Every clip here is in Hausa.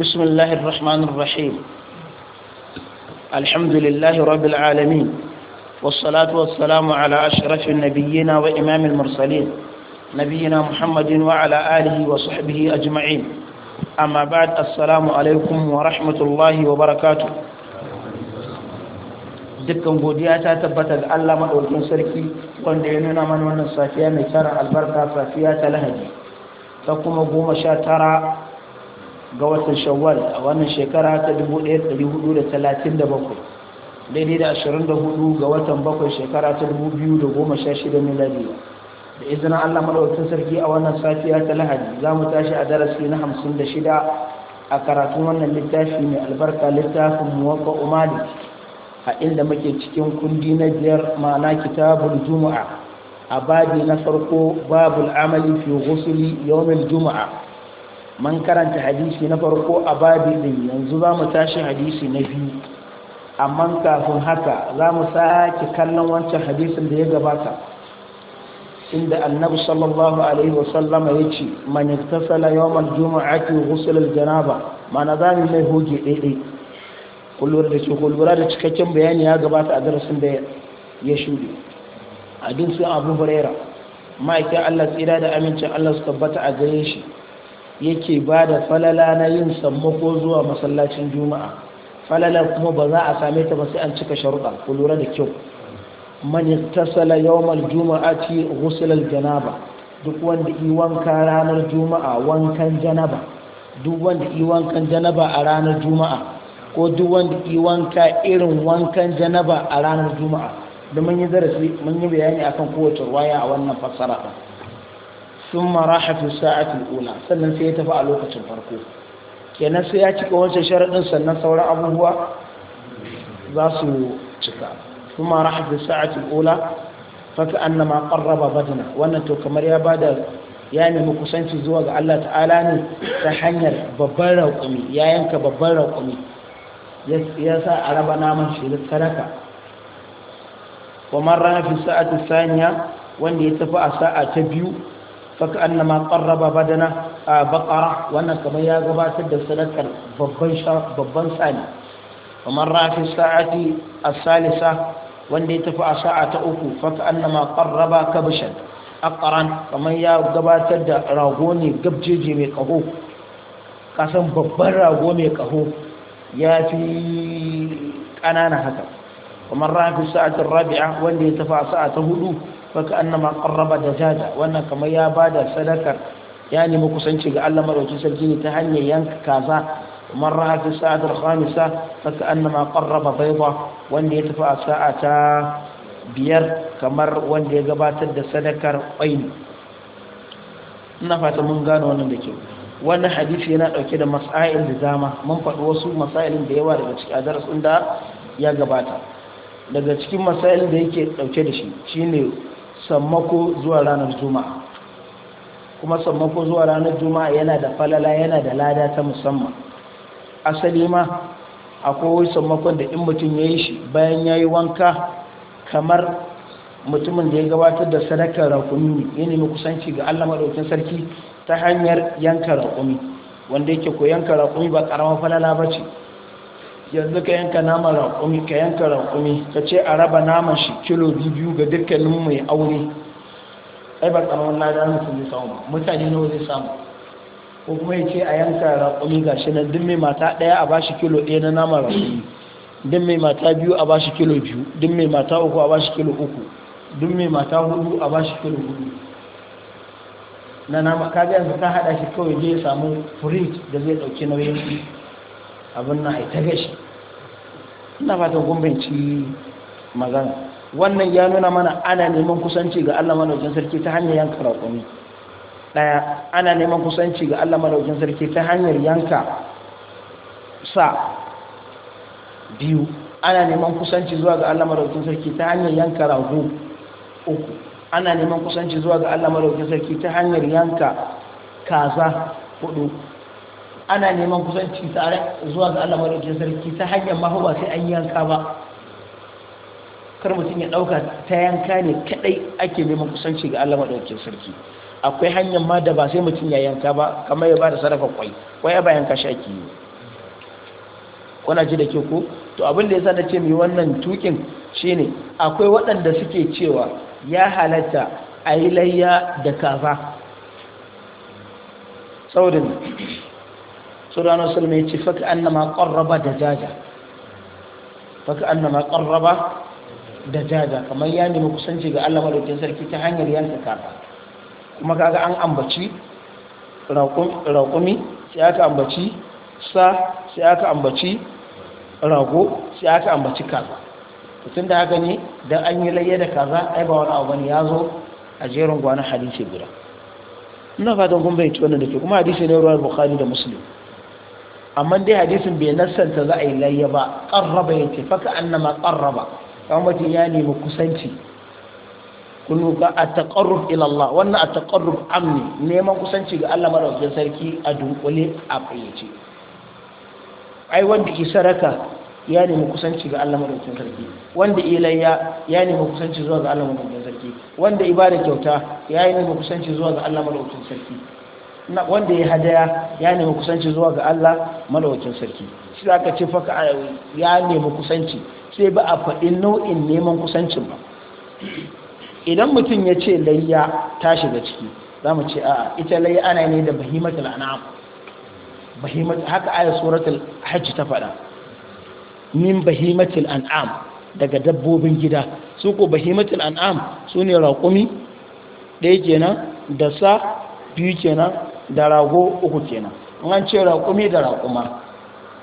بسم الله الرحمن الرحيم الحمد لله رب العالمين والصلاة والسلام على أشرف النبيين وإمام المرسلين نبينا محمد وعلى آله وصحبه أجمعين أما بعد السلام عليكم ورحمة الله وبركاته dukkan godiya ta tabbata ga Allah maɗaukin sarki wanda ya nuna mana wannan safiya mai tara albarka safiya ta lahadi ta kuma goma sha tara ga watan shawwal a wannan shekara ta 1437 daidai da 24 ga watan bakwai shekara ta 2016 miladiya da izinin Allah madaukakin sarki a wannan safiya ta Lahadi za mu tashi a darasi na 56 a karatun wannan littafi mai albarka littafin "Muwaka umali a inda muke cikin kundi na biyar ma'ana kitabul juma'a a babi na farko babul amali fi ghusli yawmil juma'a man karanta hadisi na farko a babi din yanzu za mu tashi hadisi na biyu amma kafin haka za mu sake kallon wancan hadisin da ya gabata inda annabi sallallahu alaihi wa sallama ya ce man yaktasala yawmal jumu'ati ghusl al-janaba mana za mu mai hoge daidai kullura da kullura da cikakken bayani ya gabata a darasin da ya shuɗe hadisin abu huraira ma'aikin allah tsira da amincin allah su tabbata a gare shi yake ba da falala na yin sammako zuwa masallacin juma'a falala kuma ba za a same ta ba sai an cika sharuɗa ku lura da kyau man yattasala yawmal juma'ati ghuslal janaba duk wanda yi wanka ranar juma'a wankan janaba duk wanda yi wankan janaba a ranar juma'a ko duk wanda yi wanka irin wankan janaba a ranar juma'a da mun yi darasi mun yi bayani akan kowace waya a wannan fassara sun mara hafi sa'atin ula sannan sai ya tafi a lokacin farko kenan sai ya cika wancan sharaɗin sannan sauran abubuwa za su cika sun mara hafi sa'atin ula faka an na maƙarraba badina wannan to kamar ya bada ya nemi kusanci zuwa ga Allah ta'ala ne ta hanyar babban raƙumi ya yanka babban raƙumi ya sa a raba naman shi da sadaka wa rana fi sa'ati saniya wanda ya tafi a sa'a ta biyu فكأنما قرب بدنه بقرة وأن كما يغبا سد سلك ببن شا ببن ثاني ومن رأى في الساعة الثالثة وأن يتفع ساعة أكو فكأنما قرب كبشا أقران كما يغبا سد راغوني قبجيجي ميكهو قسم ببن راغو ميكهو ياتي أنا هكذا ومن رأى في الساعة الرابعة وأن يتفع ساعة هدو faka annama qarraba dajaja wannan kamar ya bada sadakar ya nemi kusanci ga Allah madaukakin sarki ne ta hanyar yanka kaza man ra'a Sa'adar sa'atul khamisa faka annama qarraba bayda wanda ya tafi a sa'a ta biyar kamar wanda ya gabatar da sadakar ne. ina fata mun gano wannan da kyau wannan hadisi yana dauke da masail da dama mun faɗi wasu masailin da yawa daga cikin darasin da ya gabata daga cikin masailin da yake dauke da shi shine sammako zuwa ranar juma'a kuma sammako zuwa ranar juma'a yana da falala yana da lada ta musamman asali ma akwai sammakon da in mutum ya yi shi bayan ya yi wanka kamar mutumin da ya gabatar da sadakar rakumi ya nemi kusanci ga allah maɗaukin sarki ta hanyar yanka rakumi wanda yake ko yanka rakumi ba ƙaramar falala ba ce yanzu ka yanka nama raƙumi ka yanka raƙumi ka ce a raba naman shi kilo biyu ga dukkanin mai aure ai ba karamin ladan su zai samu mutane na zai samu ko kuma ya ce a yanka raƙumi ga shi nan duk mai mata ɗaya a bashi kilo ɗaya na nama raƙumi duk mai mata biyu a bashi kilo biyu duk mai mata uku a bashi kilo uku duk mai mata hudu a bashi kilo hudu na nama kaga yanzu ka haɗa shi kawai zai samu fridge da zai ɗauki nauyin abin na haita gashi ba fata gumbanci magana wannan ya nuna mana ana neman kusanci ga Allah malaukin sarki ta hanyar yanka raƙumi daya ana neman kusanci ga Allah malaukin sarki ta hanyar yanka sa biyu ana neman kusanci zuwa ga Allah malaukin sarki ta hanyar yanka rago uku ana neman kusanci zuwa ga Allah malaukin sarki ta hanyar yanka kaza hudu ana neman kusanci tare zuwa ga Allah mai sarki ta hanyar ma sai an yanka ba kar mutum ya dauka ta yanka ne kadai ake neman kusanci ga Allah mai sarki akwai hanyar ma da ba sai mutum ya yanka ba kamar ya bada sarrafa kwai kwai ba yanka shi ake kuna ji da ke ko to abin da yasa na ce mai wannan tukin shine akwai waɗanda suke cewa ya halatta a yi layya da kaza saboda sura na sulma ya ce faka annama ƙarraba da jaja faka annama ƙarraba da jaja kamar ya nemi kusanci ga Allah madaukakin sarki ta hanyar yanka kafa kuma kaga an ambaci raƙumi sai aka ambaci sa sai aka ambaci rago sai aka ambaci kaza tun da haka ne don an yi layya da kaza ai ba wani abu bane ya zo a jerin gwanin hadisi guda ina fatan kun bai ci wannan da ke kuma hadisi ne ruwan bukhari da musulmi. amma dai hadisin bai nassanta za a yi layya ba ƙarraba ya ce faka annama ƙarraba kawai mutum ya nemi kusanci kunu ka a taƙarruf ilallah wannan a taƙarruf amni neman kusanci ga Allah madaukakin sarki a dunkule a fayyace ai wanda ke saraka ya nemi kusanci ga Allah madaukakin sarki wanda ilayya ya nemi kusanci zuwa ga Allah madaukakin sarki wanda ibada kyauta ya nemi kusanci zuwa ga Allah madaukakin sarki wanda ya hadaya ya nemi kusanci zuwa ga Allah malawacin sarki shi aka ce faka ya nemi kusanci sai ba a faɗi nau'in neman kusancin ba idan mutum ya ce layya ta shiga ciki za mu ce a ita layya ana ne da bahimatul an'am bahimat haka aya suratul Hajji ta faɗa min bahimatul an'am daga dabbobin gida su ko bahimatul an'am sune ne raƙumi ɗaya kenan da sa biyu kenan da rago uku kenan in an ce raƙumi da raƙuma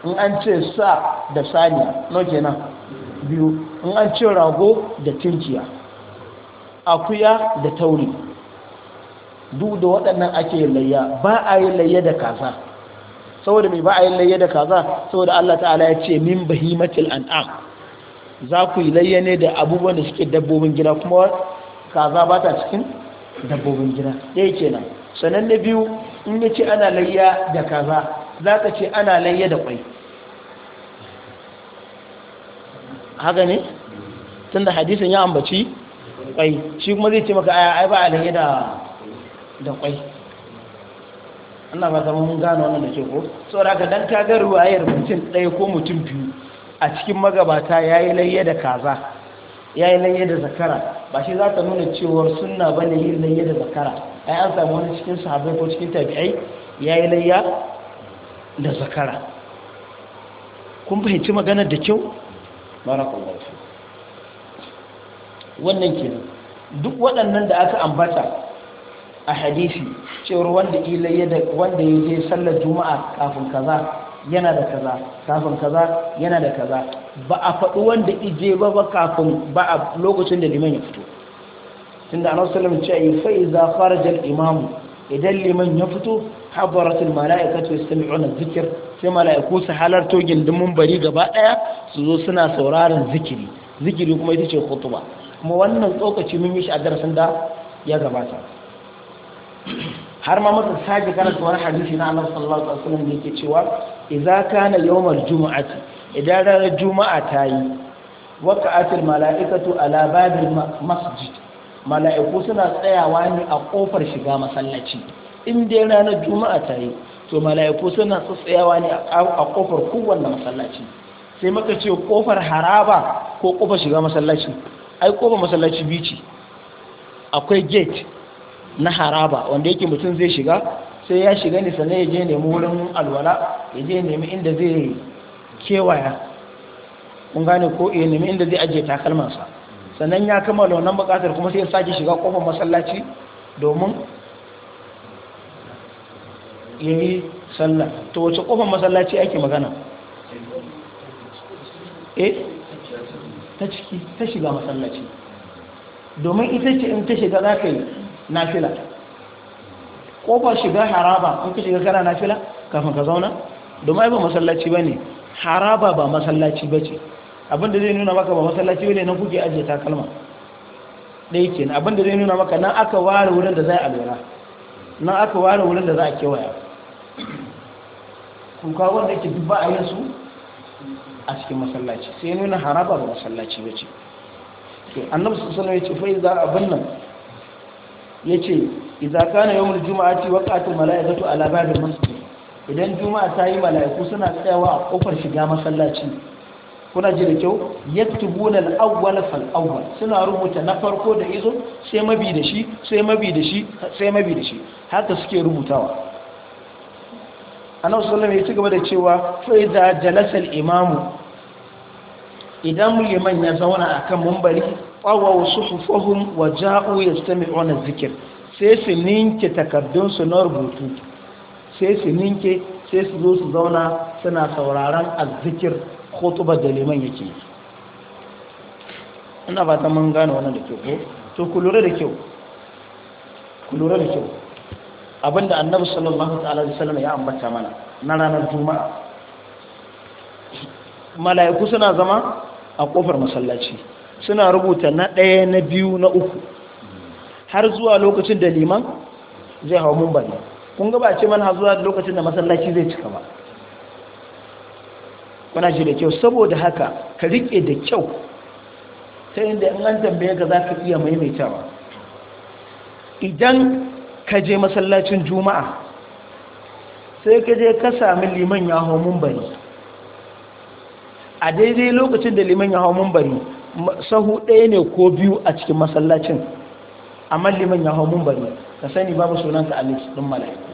in an ce sa da saniya no kenan biyu in an ce rago da tinkiya akuya da tauri duk da waɗannan ake layya ba a yi layya da kaza saboda mai ba a yi layya da kaza saboda Allah ta'ala ya ce min bahimatil an'am za ku yi layya ne da abubuwan da suke dabbobin gida kuma kaza ba ta cikin dabbobin gida ɗaya kenan sannan na biyu in ya ce ana layya da kaza za ka ce ana layya da kwai haka ne tun da hadisun ya ambaci kwai shi kuma zai ce maka aya ai ba a layya da kwai ana ba zama mun gano wannan da ke ko saboda ga dan kagar ruwayar mutum ɗaya ko mutum biyu a cikin magabata ya yi layya da kaza ya yi layya da zakara ba shi za ta nuna cewar suna ba ne yin layya da zakara ai an samu wani cikin sahabai ko cikin tabi'ai ya yi layya da zakara kun fahimci maganar da kyau barakallahu su. wannan ke duk waɗannan da aka ambata a hadisi cewar wanda da wanda ya je sallar juma'a kafin kaza yana da kaza kafin kaza yana da kaza ba a faɗi wanda ije ba ba kafin ba a lokacin da liman ya fito tunda annabi sallallahu alaihi wasallam ce fa iza kharaja al-imam idan liman ya fito habaratul mala'ikatu yastami'una dhikr sai mala'iku su halarto gindin munbari gaba daya su zo suna sauraron zikiri zikiri kuma ita ce khutba kuma wannan tsokaci mun yi shi a darasin da ya gabata har ma mutum sake karanta wani hadisi na annabi sallallahu alaihi wasallam da yake cewa idza kana yawmal jumu'ati idan ranar juma'a ta yi waka'atul mala'ikatu ala babil masjid mala'iku suna tsayawa ne a kofar shiga masallaci in dai ranar juma'a ta yi to mala'iku suna tsayawa ne a kofar kowanne masallaci sai maka ce kofar haraba ko kofar shiga masallaci ai kofar masallaci biyu ce akwai gate na haraba wanda yake mutum zai shiga sai ya shiga ne sannan ya je nemi wurin alwala ya je nemi inda zai kewaya kun gane ko ya nemi inda zai ajiye takalmansa sannan ya kammala wannan bukatar kuma sai ya sake shiga kofar masallaci domin ya yi sallah to wace kofar masallaci ake magana eh ta ciki ta shiga masallaci domin ita ce in ta shiga za ka yi na fila. kofar shiga haraba an ka shiga kana na fila kafin ka zauna domin ba masallaci ba ne haraba ba masallaci ba ce abinda zai nuna maka ba masallaci ba ne nan kuke ajiye takalma ɗaya ke abinda zai nuna maka nan aka ware wurin da za a lura nan aka ware wurin da za a kewaya kuka wanda ke dubba a yin su a cikin masallaci sai nuna haraba ba masallaci ba ce annabi sallallahu alaihi ya ce fa abin nan yace idza kana juma'a jumu'ati waqa'atul mala'ikatu ala babil masjid idan juma'a ta yi mala'iku suna tsayawa a kofar shiga masallaci kuna ji da kyau yaktubuna al-awwal fal awwal suna rubuta na farko da izo sai mabi da shi sai mabi da shi sai mabi da shi haka suke rubutawa anan sallama alaihi ci gaba da cewa fa idza jalasa imamu idan liman ya zauna akan mumbari qawaw suhufuhum wa ja'u yastami'una adh sai su ninke takardunsu na rubutu sai su ninke sai su zo su zauna suna sauraron azzikir khutubar da liman yake ina ba ta mun gane wannan da kyau ko to ku lura da kyau ku lura da kyau abinda annabi sallallahu ta'ala alaihi wasallam ya ambata mana na ranar juma'a mala'iku suna zama a kofar masallaci suna rubuta na ɗaya na biyu na uku har zuwa lokacin da liman zai hau mumbari kun ga ba ce man har zuwa lokacin da masallaci zai cika ba kuna ji da kyau saboda haka ka rike da kyau ta inda in an tambaye ka za ka iya maimaitawa idan ka je masallacin juma'a sai ka je ka sami liman ya hau mumbari a daidai lokacin da liman ya hau mumbari sahu ɗaya ne ko biyu a cikin masallacin amma liman ya hau mumbari ka sani babu sunanka a list ɗin mala'iku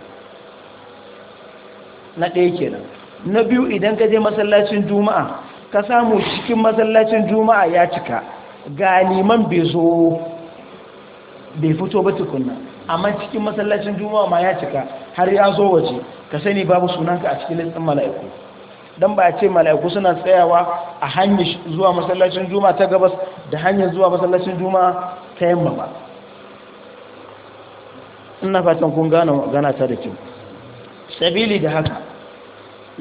na ɗaya kenan na biyu idan ka je masallacin juma'a ka samu cikin masallacin juma'a ya cika ga liman bai zo bai fito ba tukunna amma cikin masallacin juma'a ma ya cika har ya zo waje ka sani babu sunanka a cikin listin mala'iku dan ba a ce mala'iku suna tsayawa a hanyar zuwa masallacin juma'a ta gabas da hanyar zuwa masallacin juma'a ta yamma ba ina fatan kun gane gana ta da kyau sabili da haka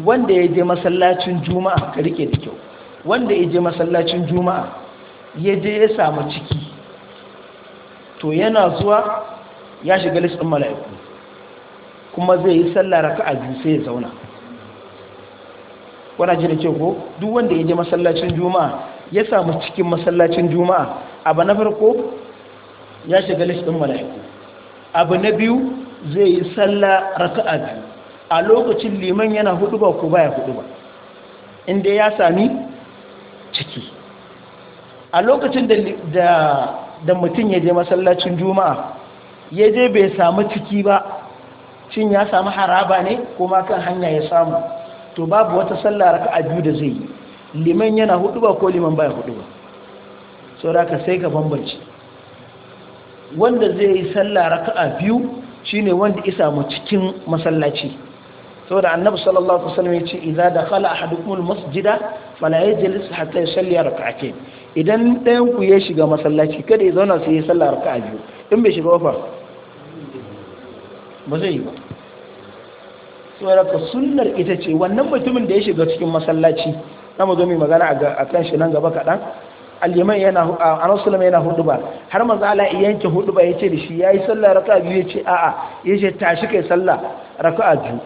wanda ya je masallacin juma'a ka rike da kyau wanda ya je masallacin juma'a ya je ya samu ciki to yana zuwa ya shiga listin mala'iku kuma zai yi sallah ka biyu sai ya zauna wana ji da kyau ko duk wanda ya je masallacin juma'a ya samu cikin masallacin juma'a abu na farko ya shiga listin mala'iku abu na biyu zai yi tsalla raka'a biyu a lokacin liman yana hudu ba ko baya hudu ba inda ya sami ciki a lokacin da mutum ya je masallacin juma'a ya je bai samu ciki ba Cin ya sami haraba ne kuma kan hanya ya samu to babu wata tsalla raka'a biyu da zai yi liman yana hudu ba ko liman baya hudu ba saboda ka sai ka bambanci. wanda zai yi sallah raka'a biyu shine wanda isa samu cikin masallaci saboda annabi sallallahu alaihi wasallam yace idza dakhala ahadukum almasjida fala yajlis hatta yusalli rak'atayn idan ɗayan ku ya shiga masallaci kada ya zauna sai ya sallah raka'a biyu in bai shiga ba ba zai yi ba saboda ka sunnar ita ce wannan mutumin da ya shiga cikin masallaci na mu zo mai magana a kan shi nan gaba kaɗan aliman yana anasulama yana hudu ba har manzo Allah ya yanke hudu ba yace da shi yayi sallah raka'a biyu yace a'a yace tashi kai sallah raka'a biyu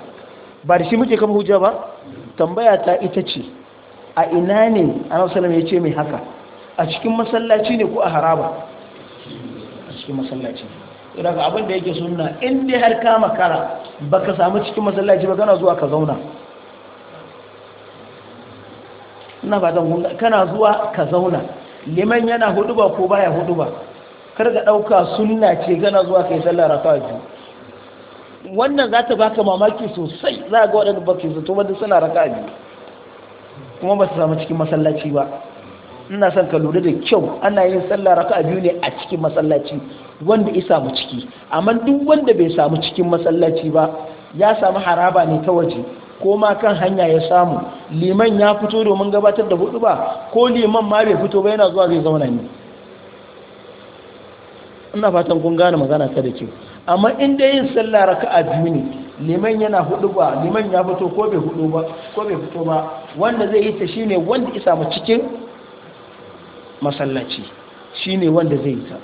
ba da shi muke kama hujja ba tambaya ta ita ce a ina ne anasulama yace mai haka a cikin masallaci ne ko a haraba a cikin masallaci ga abin da yake sunna in dai har ka makara baka samu cikin masallaci ba kana zuwa ka zauna ina fatan kana zuwa ka zauna liman yana huduba ko baya ba, kar ka dauka sunna ce gana zuwa kai sallar raka'a biyu wannan za ta baka mamaki sosai za ga waɗanda ba su to wadda suna raka'a kuma ba su samu cikin masallaci ba ina son ka lura da kyau ana yin sallah raka'a biyu ne a cikin masallaci wanda isa mu ciki amma duk wanda bai samu cikin masallaci ba ya samu haraba ne ta waje ko ma kan hanya ya samu liman ya fito domin gabatar da hudu ba ko liman ma bai fito ba yana zuwa zai zauna ne ina fatan kun gane magana ta da kyau amma in dai yin sallah raka'a biyu ne liman yana hudu ba liman ya fito ko bai hudu ba ko bai fito ba wanda zai yi ta shine wanda ya samu cikin masallaci shine wanda zai yi ta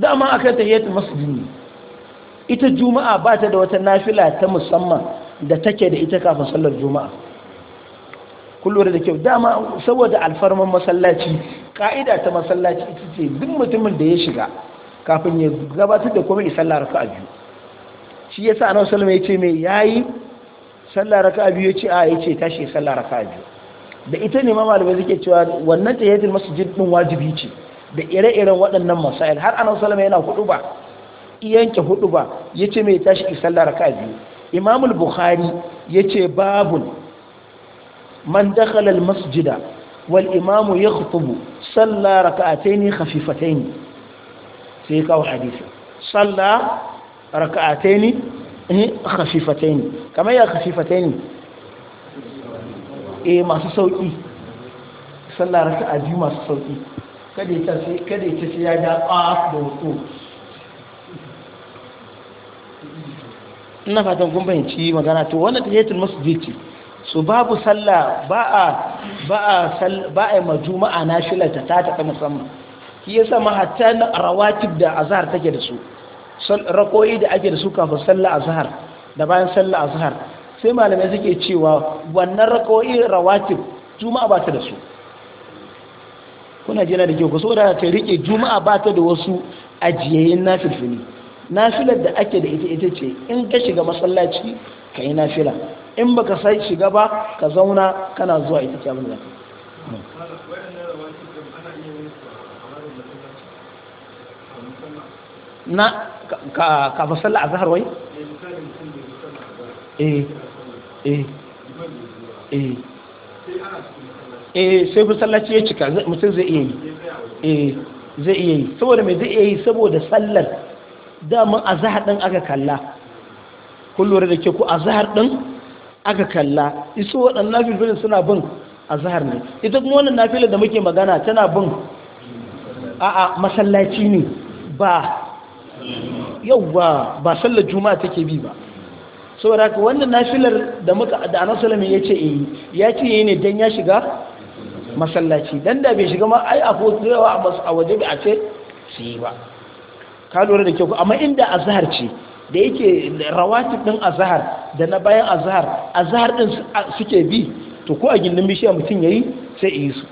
dama akan tahiyatul masjid ne ita juma'a ba ta da wata nafila ta musamman da take da ita kafin sallar juma'a kullum da kyau dama saboda alfarman masallaci ka'ida ta masallaci ita ce duk mutumin da ya shiga kafin ya gabatar da kuma sallar ka a biyu shi ya sa anawar salama ya ce mai yayi sallar ka a biyu ya ce a ya ce tashi sallar raka a biyu da ita ne ma malamai suke cewa wannan tahiyatul masjid din wajibi ce da ire-iren waɗannan masail har anan salama yana kudu ba yanke hudu ba ya ce mai tashi ki sallah raka biyu imamul bukhari ya ce babun man dakhala al masjida wal imamu ya raka a yakhutubu sallah raka'ataini khafifataini sai kawo hadisi sallah raka'ataini eh, khafifataini kamar ya khafifataini e masu sauki raka a biyu masu sauki kada ya ce ya da qaf da wutu ina fatan kun fahimci magana to wannan tahiyatul masjid ce so babu sallah ba a ba a ba a ma juma'a nashila ta ta ta musamman shi yasa ma hatta rawatib da azhar take da su rakoyi da ake da su kafin sallah azhar da bayan sallah azhar sai malamai suke cewa wannan rakoyi rawatib juma'a ba ta da su kuna jina da kyau ku saboda ta rike juma'a ba ta da wasu ajiyayen nafilfili nafilar da ake da ita ita ce in ka shiga masallaci ka yi nafila in baka sai shiga ba ka zauna kana zuwa ita ce abin da ka na ka fa sallah azhar wai eh eh eh eh sai masallaci ya cika mutum zai iya yi eh zai iya yi saboda mai zai iya yi saboda sallar daman a zahar ɗin aka kalla Kullum da ke ku a zahar ɗin aka kalla iso waɗannan filfilin suna bin a zahar ne ita kuma wannan nafilar da muke magana tana bin a masallaci ne ba yau ba ba sallar juma'a take bi ba saboda haka wannan nafilar da muka da annabi sallallahu ya ce eh ya ce eh ne dan ya shiga masallaci dan da bai shiga ma ai a ko a waje bai a ce su yi ba ka lura da kyau amma inda azhar ce da yake rawatib din azhar da na bayan azhar azhar din suke bi to ko a gindin bishiya mutum yayi sai yi su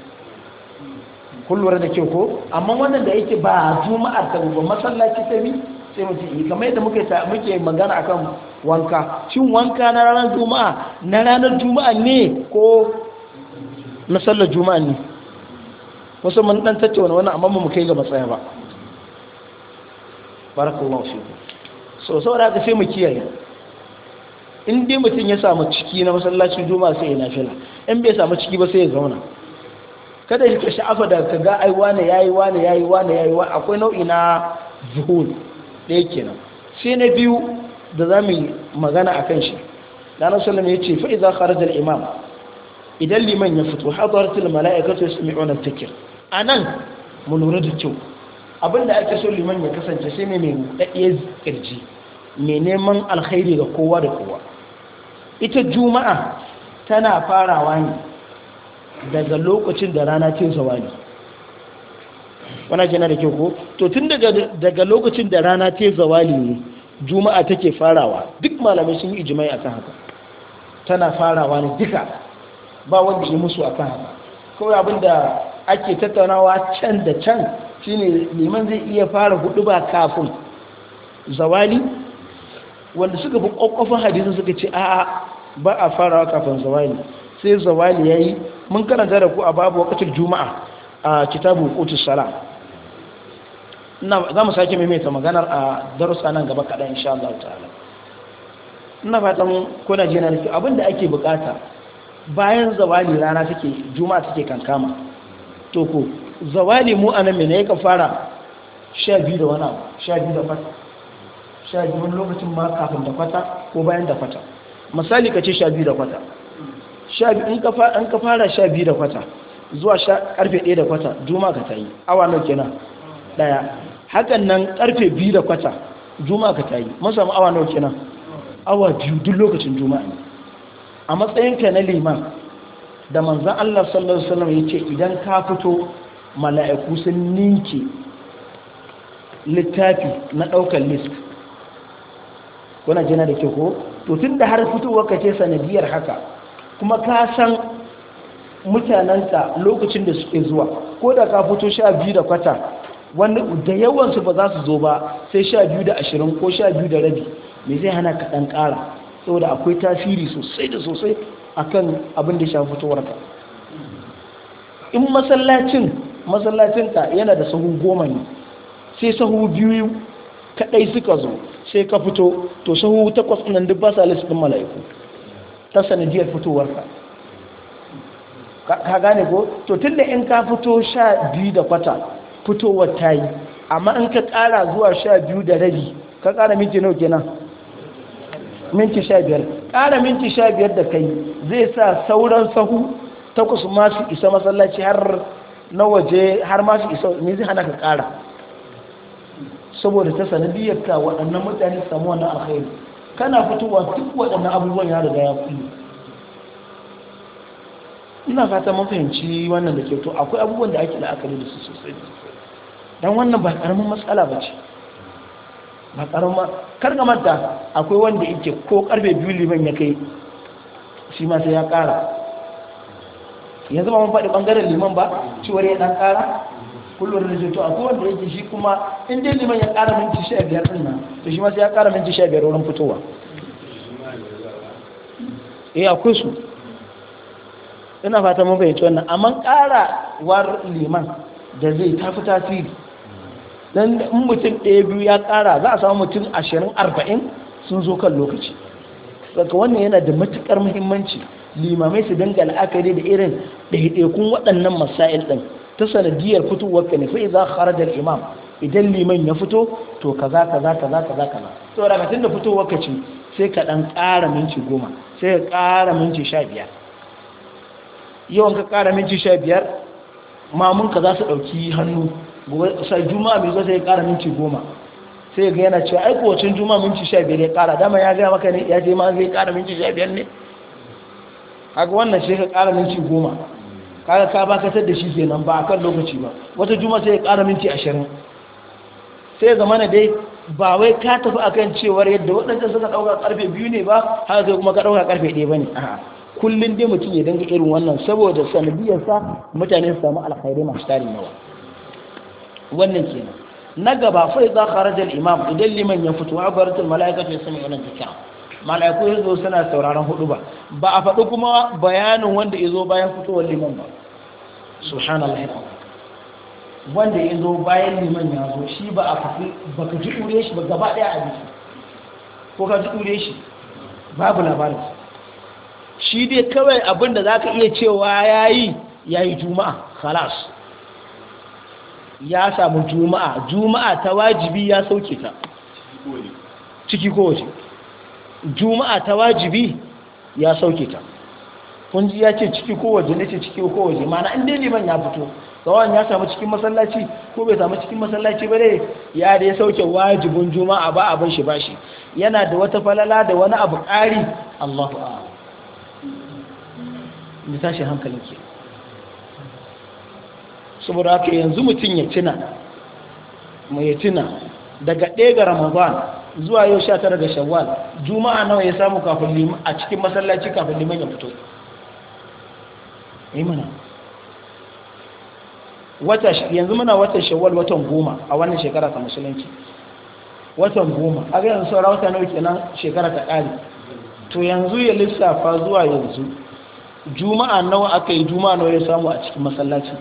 kun lura da kyau ko amma wannan da yake ba juma'ar ta ba masallaci ta bi sai mutum yi kamar yadda muke muke magana akan wanka shin wanka na ranar juma'a na ranar juma'a ne ko na sallar juma'a ne wasu mun dan tattauna wannan amma mu kai ga matsaya ba barakallahu fi so saboda haka sai mu kiyaye in dai mutum ya samu ciki na masallacin juma'a sai ya nafila in bai samu ciki ba sai ya zauna kada shi ka sha'afa da ka ga ai wane yayi wane yayi wane yayi wa akwai nau'i na zuhul da yake nan sai na biyu da za mu magana a kan shi da na sallama ya ce fa za ka rajar imam idan liman ya fito hadaratul mala'ikatu yasmi'una A nan mu lura da kyau abinda ake so liman ya kasance sai ne mai buɗaɗɗiyar ƙirji mai neman alkhairi ga kowa da kowa ita juma'a tana farawa ne daga lokacin da rana ce zawali wana jana da kyau ko to tun daga lokacin da rana ce zawali ne juma'a take farawa duk malamai sun yi ijimai akan haka tana farawa ne duka ba wanda yi musu akan haka kawai abinda ake tattaunawa can da can shine liman zai iya fara hudu ba kafin zawali wanda suka fi kwakwafin hadisun suka ce a ba a farawa kafin zawali sai zawali ya yi mun karanta da ku a babu wakacin juma'a a kitabu kotus sala za mu sake maimaita maganar a darussa nan gaba kaɗan insha Allah ta'ala ina fatan kuna jina da abinda ake bukata bayan zawali rana take juma'a take kankama to ko zawali mu anan mene ka fara sha biyu da wani sha biyu da fata sha biyu wani lokacin ma kafin da fata ko bayan da fata misali ka ce sha biyu da fata in ka fara sha biyu da fata zuwa sha karfe ɗaya da kwata juma ka ta yi awa nau kenan ɗaya hakan nan karfe biyu da kwata juma ka ta yi masamu awa nau kenan awa biyu duk lokacin juma ne a matsayinka na liman da manzan Allah sallallahu Alaihi wasallam ya ce idan ka fito mala'iku sun ninke littafi na ɗaukar list wana jina da ke ko to tun da har fitowar ka ce sanadiyar haka kuma ka san mutanenta lokacin da suke zuwa ko da ka fito sha biyu da kwata wani da yawansu ba za su zo ba sai sha biyu da ashirin ko sha biyu da rabi mai zai hana ka ɗan ƙara saboda akwai tasiri sosai da sosai akan abin da fitowar fitowarka in masallacin masallacinka yana da sahu goma ne sai sahu biyu kadai suka zo sai ka fito to sahu takwas nan duk ba sa listin mala'iku ta sanadiyar fitowarka ka gane ko to tun da in ka fito sha biyu da kwata fitowar ta yi amma in ka kara zuwa sha biyu da rabi ka kara minti nau kenan minti sha biyar kara minti sha biyar da kai zai sa sauran sahu takwas masu isa masallaci har na waje har ma su isa me zai hana ka ƙara saboda ta sanadiyar ka waɗannan mutane samu wannan alkhairu kana fitowa duk waɗannan abubuwan ya riga ya kuyi ina fata mun fahimci wannan da ke to akwai abubuwan da ake la'akari da su sosai dan wannan ba karamin matsala ba ce ba karamin karga mata akwai wanda yake ko karbe biyu liman ya kai shi ma sai ya ƙara yanzu ba mun faɗi ɓangaren liman ba cewar ya ɗan ƙara kullum da to a da yake shi kuma inda liman ya ƙara minti sha biyar ɗin nan to shi masu ya ƙara minti sha biyar wurin fitowa E akwai su ina fata mun fahimci wannan amma ƙara war liman da zai tafi tasiri dan in mutum ɗaya biyu ya ƙara za a samu mutum ashirin arba'in sun zo kan lokaci daga wannan yana da matuƙar muhimmanci limamai su dinga la'akari da irin hidekun waɗannan masail ɗin ta sanadiyar fitowar ka ne za a kharaja imam idan liman ya fito to kaza kaza za ka kaza to daga da fitowar ka ce sai ka ɗan ƙara minti goma sai ka ƙara minti sha biyar yawan ka ƙara minti sha biyar mamun ka za su ɗauki hannu sai juma'a mai zuwa sai ka ƙara minti goma sai ga yana cewa aiki wacin juma'a minti sha biyar ya ƙara dama ya gaya maka ne ya je ma zai ƙara minti sha biyar ne haka wannan shi ka ƙara minti goma kaga ka ba kasar da shi kenan ba a kan lokaci ba wata juma sai ya ƙara minti ashirin sai ya zama dai ba wai ka tafi a kan cewar yadda waɗanda suka ɗauka ƙarfe biyu ne ba haka kai kuma ka ɗauka ƙarfe ɗaya ba ne a'a kullum dai mutum ya danga irin wannan saboda sanadiyarsa mutane su samu alkhairai masu tarin yawa wannan kenan na gaba fa za kharaja al-imam idan liman ya fito a baratul malaikatu yasma'una dhikra mala'iku ya zo suna sauraron hudu ba ba a faɗi kuma bayanin wanda ya zo bayan fitowar liman ba subhanallah wanda ya zo bayan liman ya zo shi ba a faɗi ba ka ji ɗure shi ba gaba ɗaya a jiki ko ka ji ɗure shi babu labarin shi dai kawai abin da za ka iya cewa ya yi ya yi juma'a khalas ya samu juma'a juma'a ta wajibi ya sauke ta ciki kowace juma'a ta wajibi ya sauke ta kun ji ya ce ciki ko waje ne ce ciki ko waje mana in dai liman ya fito tsawon ya samu cikin masallaci ko bai samu cikin masallaci ba dai ya da ya sauke wajibin juma'a ba a shi ba shi yana da wata falala da wani abu ƙari Allahu a'lam ni tashi hankalin ke saboda haka yanzu mutum ya tina mai tuna daga ɗaya ga ramadan zuwa yau sha tara ga shawwal juma'a nawa ya samu kafin liman a cikin masallaci kafin liman ya fito imana eh wata yanzu muna watan shawwal watan goma a wannan shekara ta musulunci watan goma a ga yanzu saura wata nawa nan shekara ta ƙari to yanzu ya lissafa zuwa yanzu juma'a nawa aka yi juma'a nawa ya samu a cikin masallaci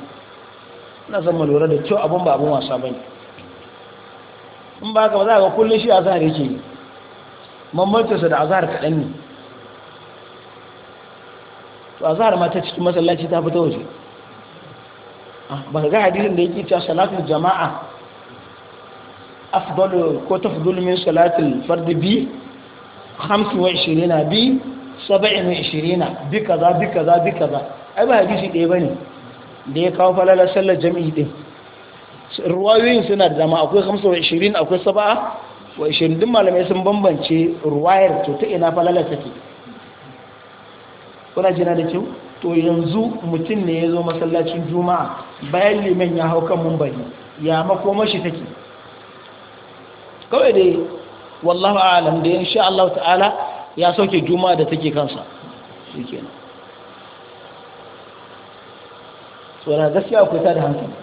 na zama lura da kyau abin ba abin wasa bane in ba ka ba za ka kulle shi azhar yake yi su da zahar kaɗan ne to azhar ma ta cikin masallaci ta fito waje ah, ba ka ga hadisin da yake cewa salatun jama'a Afdol ko tafdulu min salatun fard bi 25 bi 27 bi kaza bi kaza bi kaza ai ba hadisi ɗaya ba ne da ya kawo falalar sallar jami'i ɗin ruwayoyin suna da dama akwai 25 akwai 7 wa 20 duk malamai sun bambance ruwayar to ta ina falala take kuna jina da kyau to yanzu mutum ne ya zo masallacin juma'a bayan liman ya hau kan mumbari ya shi take kawai dai wallahu alam da insha Allah ta'ala ya sauke juma'a da take kansa shikenan so gaskiya akwai ta da hankali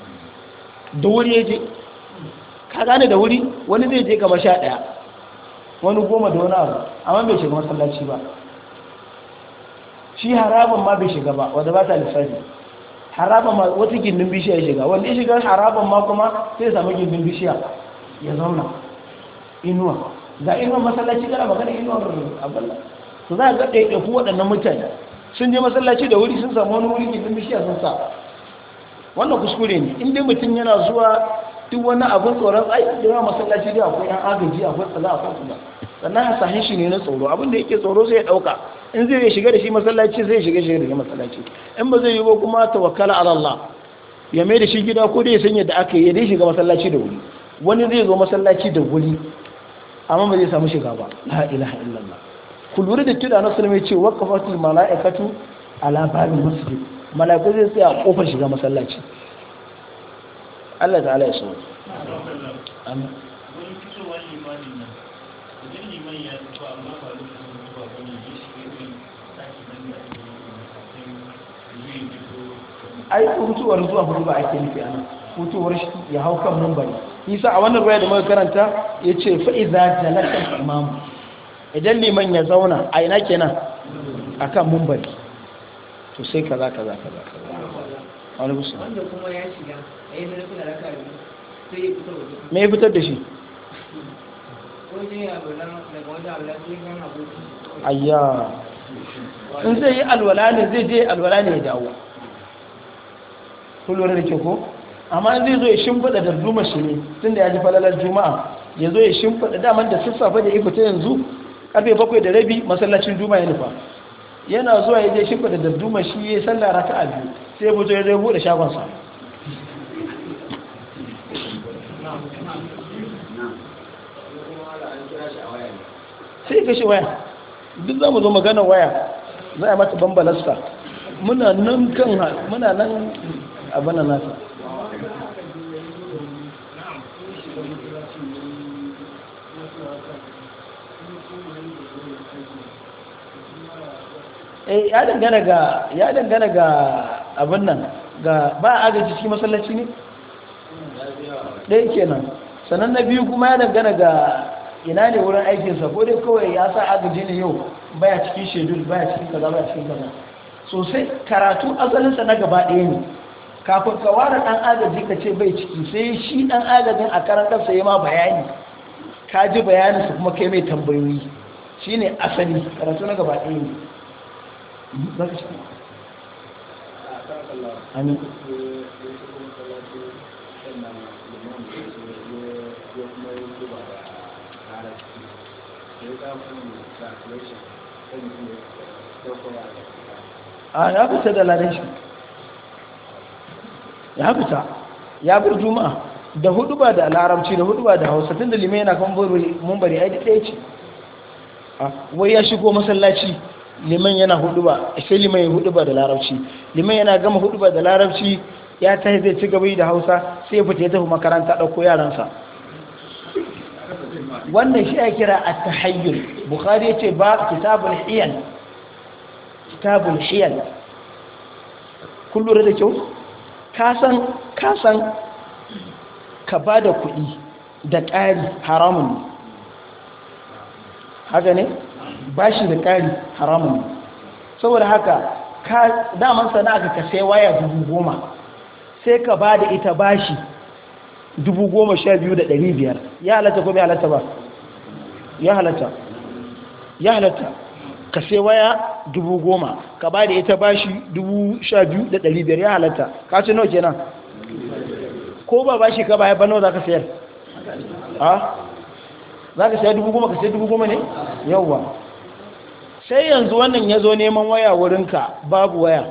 da wuri ya je ka gane da wuri wani zai je gaba sha ɗaya wani goma da wani abu amma bai shiga masallaci ba shi haraban ma bai shiga ba wadda ba ta lissafi haraban ma wata gindin bishiya ya shiga wanda ya shiga haraban ma kuma sai ya samu gindin bishiya ya zauna inuwa ga inuwan masallaci gara magana inuwar aballa su za a ga ɗaiɗaiku waɗannan mutane sun je masallaci da wuri sun samu wani wuri gindin bishiya sun sa wannan kuskure ne inda mutum yana zuwa duk wani abin tsoron ai jira masallaci da akwai yan agaji akwai tsala a kan kuma sannan sahin shi ne na tsoro abin da yake tsoro sai ya dauka in zai shiga da shi masallaci zai shiga shi da masallaci in ba zai yi ba kuma tawakkala ala Allah ya mai da shi gida ko dai sanya da aka yi ya dai shiga masallaci da wuri wani zai zo masallaci da wuri amma ba zai samu shiga ba la ilaha illallah ku lura da kida na sulmai ce waqafatul malaikatu ala babil masjid mala'iku zai tsaye a kofar shiga masallaci Allah ta'ala ya so amin ai hutuwar zuwa hudu ba ake nufi ana hutuwar shi ya hau kan mumbari isa a wannan ruwaya da muka karanta ya ce fa'iza jalasa imamu idan liman ya zauna a ina kenan a kan mumbari to sai kaza kaza kaza wani musu wanda kuma ya shiga a yi zarafi da raka sai ya fitar da me ya fitar da shi ayya in zai yi alwala ne zai je alwala ne ya dawo kullum da ke ko amma zai zo ya shimfiɗa da zuma shi ne tun da ya ji falalar juma'a ya zo ya shimfiɗa daman da sassafe da ya fita yanzu karfe bakwai da rabi masallacin juma'a ya nufa yana zuwa ya je shimfa da dabduma shi ya salla raka a biyu sai ya fito ya zai buɗe shagonsa sai ya kashe waya duk za mu zo magana waya za a mata bambalasta muna nan kan muna nan abana nasa Eh, ya dangana ga ya dangana ga abin nan ga ba agaji shi masallaci ne ɗaya kenan sannan na biyu kuma ya dangana ga ina ne wurin aikinsa ko dai kawai ya sa agaji ne yau baya cikin shedul baya cikin kaza baya cikin kaza sosai karatu asalinsa na gaba ɗaya ne kafin ka ware ɗan agaji ka ce bai ciki sai shi ɗan agajin a karan sa ya ma bayani ka ji bayaninsa kuma kai mai tambayoyi shine asali karatu na gaba ɗaya ne za a ya fita da ya fita ya juma'a da hudu ba da larabci da hudu ba da hausa tun da limai yana kan mun aiki ɗaya ce wai ya shigo masallaci liman yana huduba sai liman ya huduba da larabci liman yana gama huduba da larabci ya ta zai ci gaba da hausa sai ya fita ya tafi makaranta ɗauko yaransa wannan shi ya kira a tahayyul bukhari ya ce ba kitabul hiyal kitabul hiyal kun lura da kyau kasan kasan ka ba da kuɗi da ƙari haramun haka ne bashi da ƙari haramun saboda haka damar sana aka ka sai waya dubu goma sai ka ba da ita bashi dubu goma sha biyu da ɗari biyar ya halatta ko bai halatta ba ya halatta ya halatta ka sai waya dubu goma ka ba da ita bashi dubu sha biyu da ɗari biyar ya halatta ka ce nau kenan ko ba bashi ka baya ba nau za ka sayar a za ka sai dubu goma ka sai dubu goma ne yauwa sai yanzu wannan ya zo neman waya wurinka babu waya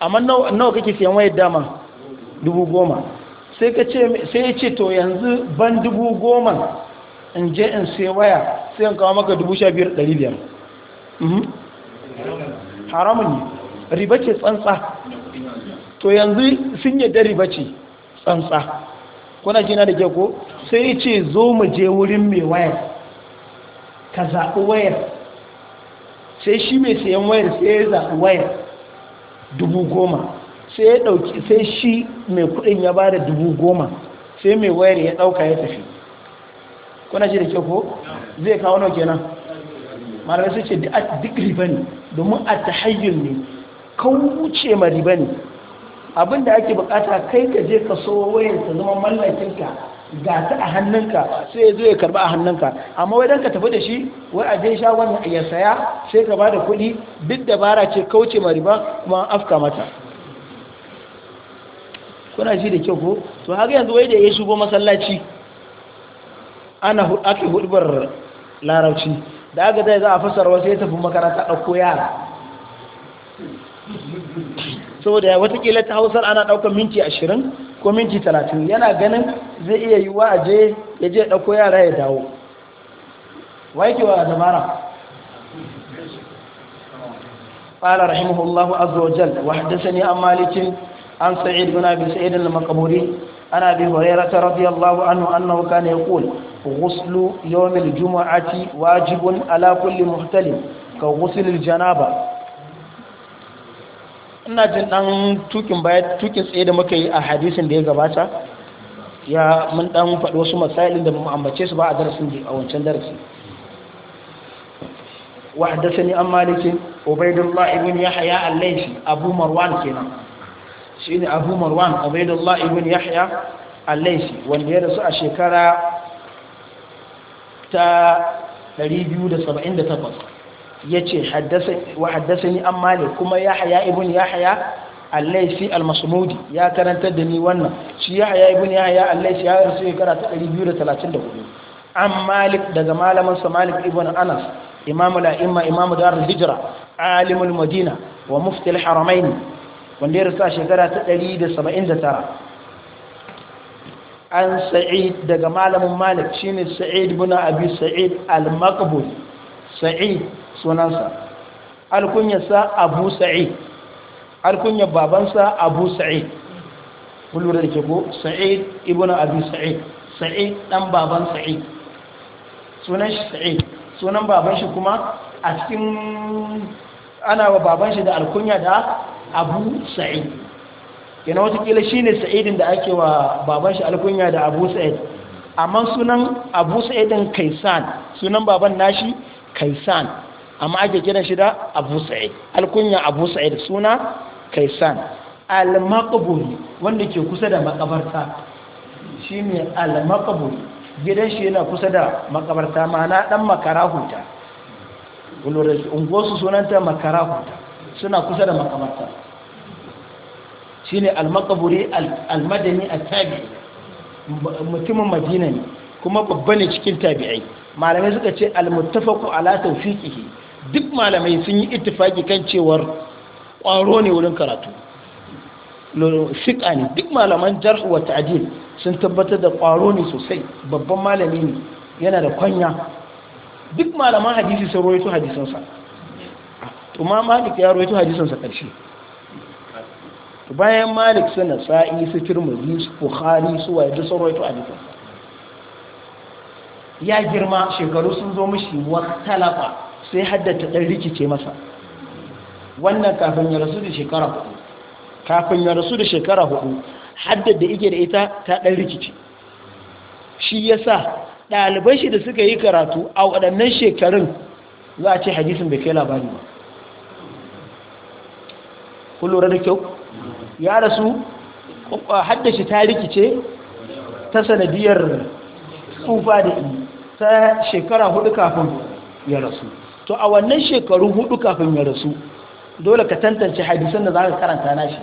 amma nawa kake siyan wayar dama dubu goma sai ya ce to yanzu ban dubu goma in je in sai waya sai in kawo maka dubu sha biyar ɗari biyar mhm. haramun ne riba ce tsantsa to yanzu sun yadda riba ce tsantsa kuna jina da ke ko sai ce zo mu je wurin mai wayar ka zaɓi wayar sai shi mai sayan wayar sai ya zaɓi wayar dubu goma sai ya ɗauki sai shi mai kuɗin ya ba da dubu goma sai mai wayar ya ɗauka ya tafi kuna ce da ke ko zai kawo nau kenan malamai sai ce duk riba ne domin a ta hayyun ne wuce ma riba ne abinda ake bukata kai ka je ka so wayar ta zama mallakinka ga ta a hannunka sai ya zo ya karba a hannunka amma wai dan ka tafi da shi wai a je sha ya saya sai ka bada kuɗi duk dabara ce kauce ma riba kuma an afka mata kuna ji da kyau ko to haka yanzu wai da ya shigo masallaci ana ake huɗubar larabci da aka zai za a fassara wasu ya tafi makaranta ɗauko yara saboda ya watakila ta hausa ana ɗauka minti ashirin ko minti talatin yana ganin zai iya yi wa aje ya je dauko yara ya dawo waiki wa dabara fara rahimahullahu azawajal wa haddasani an malikin an sa'id bin abi sa'id al-maqburi an abi hurairah radiyallahu anhu annahu kana yaqul غسل يوم الجمعة واجب على كل مختلف كغسل الجنابة ina jin dan tukin baya tukin tsaye da muka yi a hadisin da ya gabata ya mun dan faɗi wasu masailin da mu ambace su ba a darasin da a wancan darasi wa haddathani an malikin ubaidullah ibn yahya al-laythi abu marwan kenan shine abu marwan ubaidullah ibn yahya al-laythi wanda ya rasu a shekara ta 278 yace haddathani wa haddathani an malik kuma yahya ibn yahya al-laysi al-masmudi ya karanta da ni wannan shi yahya ibn yahya al-laysi ya rasu shekara ta 234 an malik daga malamin sa malik ibn anas imamu la'imma imamu dar al-hijra alimul madina wa mufti al-haramain wanda ya rasu shekara ta 179 an sa'id daga malamin malik shine sa'id ibn abi sa'id al-maqbul sa'id sunansa alkunyarsa abu sa'id alkunyar babansa abu sa'id kullum da ke ko sa'id ibn abu sa'id sa'id dan baban sa'id sunan shi sa'id sunan baban shi kuma a cikin ana wa baban shi da alkunya da abu sa'id yana watakila shi ne sa'idin da ake wa baban shi alkunya da abu sa'id amma sunan abu sa'idin kaisan sunan baban nashi kaisan amma ake kiran shi da abu sa'i alkunya abu da suna kaisan al wanda ke kusa da makabarta shine al maqbul gidan shi yana kusa da makabarta mana dan makara huta unguwarsu sunanta makara huta suna kusa da makabarta shine al-maqburi al-madani at tabi mutumin madina ne kuma babba ne cikin tabi'ai malamai suka ce al-muttafaqu ala tawfiqihi duk malamai sun yi ittifaki kan cewar ƙwaro ne wurin karatu fiƙa ne duk malaman jar'u wa ta'adil sun tabbatar da ƙwaro ne sosai babban malami ne yana da kwanya duk malaman hadisi sun roito hadisansa to ma malik ya roito hadisansa ƙarshe bayan malik su sa'i su turmuzi su bukhari su waye da sun roito hadisansa ya girma shekaru sun zo wata waktalafa sai haddata ɗan rikice masa wannan kafin ya rasu da shekara hudu kafin ya rasu da shekara hudu haddada ike da ita ta ɗan rikice shi ya sa ɗaliban shi da suka yi karatu a waɗannan shekarun za a ce hadisin bai kai labari ba kun lura da kyau ya rasu haddashi ta rikice ta sanadiyar tsufa da ta shekara hudu kafin ya rasu to a wannan shekaru hudu kafin ya rasu dole ka tantance hadisan da za ka karanta nashi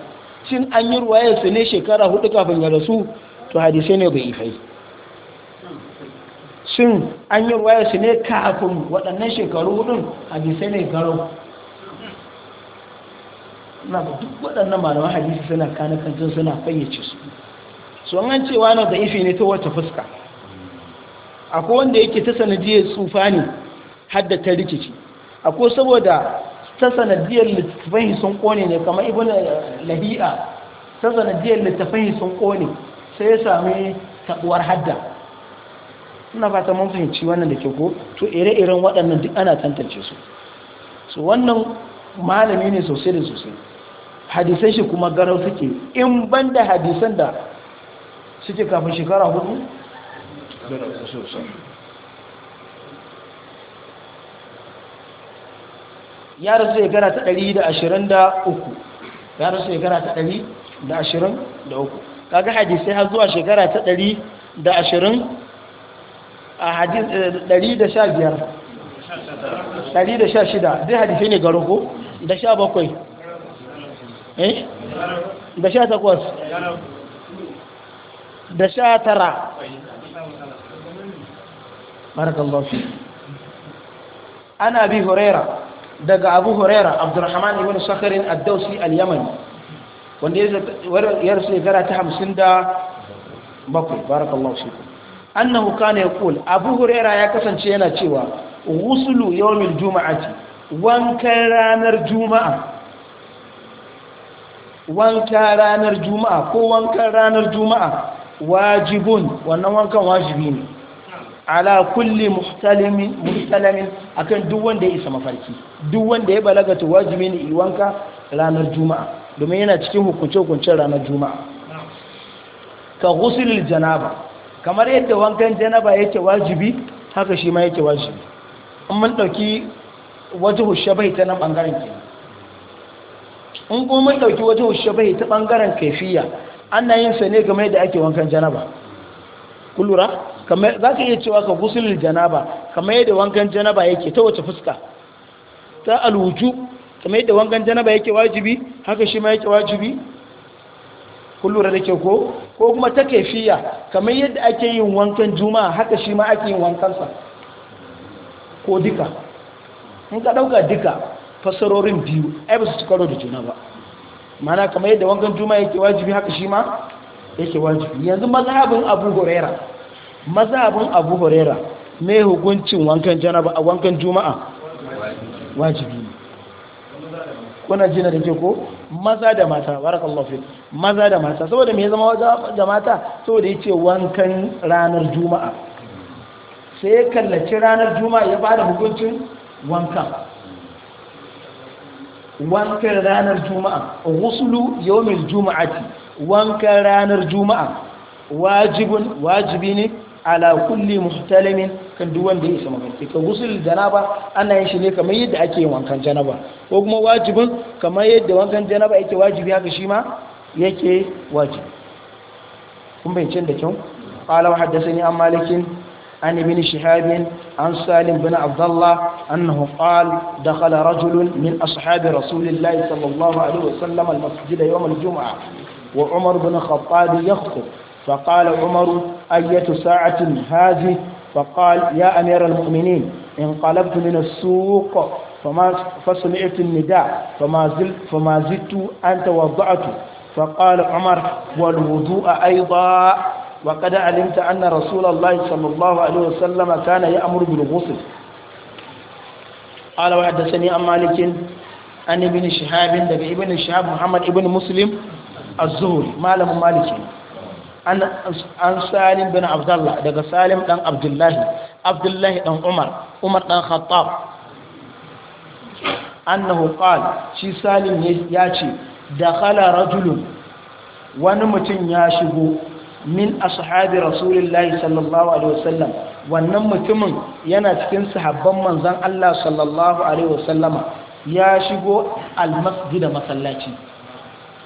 shin an yi ruwayar su ne shekara hudu kafin ya rasu to hadisai ne bai ifai shin an yi ruwayar su ne kafin waɗannan shekaru hudu hadisai ne garo na ba duk waɗannan malaman hadisi suna kanakancin suna fayyace su su an cewa na da ifi ne ta wata fuska akwai wanda yake ta sanadiyar tsufa ne hadda ta rikici akwai saboda ta sanadiyar littafai sun kone ne kamar ibn lahi'a ta sanadiyar littafai sun kone sai ya sami tabuwar hadda ina fata mun fahimci wannan da ke ko to ire-iren waɗannan duk ana tantance su su wannan malami ne sosai da sosai hadisai shi kuma garau suke in ban da hadisan da suke kafin shekara hudu ya rasu shekara ta 123 ya rasu shekara ta 123 kaga hadisai har zuwa shekara ta 120 a hadis 115 116 zai hadisai ne garin ko da 17 bakwai, eh? da takwas, da sha tara. ana bi huraira. daga abu huraira abdurrahman ibn sakharin Addausi dawsi al-yamani wanda ya rasu shekara ta hamsin da bakwai barakallahu shi annahu kana yaqul abu huraira ya kasance yana cewa wusulu yawmil juma'ati wankan ranar juma'a wankan ranar juma'a ko wankan ranar juma'a wajibun wannan wankan wajibi ne ala kulli muhtalamin akan duk wanda ya isa mafarki duk wanda ya balaga ta wajibi ne iwanka ranar juma'a domin yana cikin hukunce-hukuncen ranar juma'a ka gusulil janaba kamar yadda wankan janaba yake wajibi haka shi ma yake wajibi in mun ɗauki wata shabai ta nan ɓangaren ke in kuma mun ɗauki wata shabai ta ɓangaren kaifiya ana yin sa ne game da ake wankan janaba kullura kamar za ka iya cewa ka gusulul janaba kamar yadda wankan janaba yake ta wace fuska ta alwuju kamar yadda wankan janaba yake wajibi haka shi ma yake wajibi kun da ke ko ko kuma ta kaifiya kamar yadda ake yin wankan juma'a haka shi ma ake yin wankansa ko duka in ka ɗauka duka fasarorin biyu ai ba su karo da juna ba mana kamar yadda wankan juma'a yake wajibi haka shi ma yake wajibi yanzu mazhabin abu huraira mazabin abu horera mai hukuncin wankan janaba a wankan juma'a wajibi kuna jina da ke ko maza da mata barakallahu fi maza da mata saboda me zama zama da mata saboda yace wankan ranar juma'a sai ya kallaci ranar juma'a ya bada hukuncin wanka wankan ranar juma'a ghuslu yawmil juma'ati wankan ranar juma'a wajibun wajibi ne ala kulli muhtalimin kan duk wanda ya isa mafarki ka gusul janaba ana yin shi ne kamar yadda ake yin wankan janaba ko kuma wajibin kamar yadda wankan janaba yake wajibi haka shi ma yake wajibi kun da kyau qala wa haddathani an malikin عن ابن شهاب عن سالم بن عبد الله أنه قال دخل رجل من أصحاب رسول الله صلى الله عليه وسلم المسجد Umaru. فقال عمر أية ساعة هذه فقال يا أمير المؤمنين انقلبت من السوق فما فسمعت النداء فما زلت فما زدت أن توضعت فقال عمر والوضوء أيضا وقد علمت أن رسول الله صلى الله عليه وسلم كان يأمر بالغسل قال وحدثني عن مالك عن ابن شهاب ابن شهاب محمد ابن مسلم الزهري مالك مالك an salim bin abdullah daga salim dan abdullahi abdullahi dan umar umar dan khattab annahu qala shi salim ya ce dakhala rajulun wani mutum ya shigo min ashabi rasulillahi sallallahu alaihi wasallam wannan mutumin yana cikin sahabban manzon Allah sallallahu alaihi wasallama ya shigo almasjid masallaci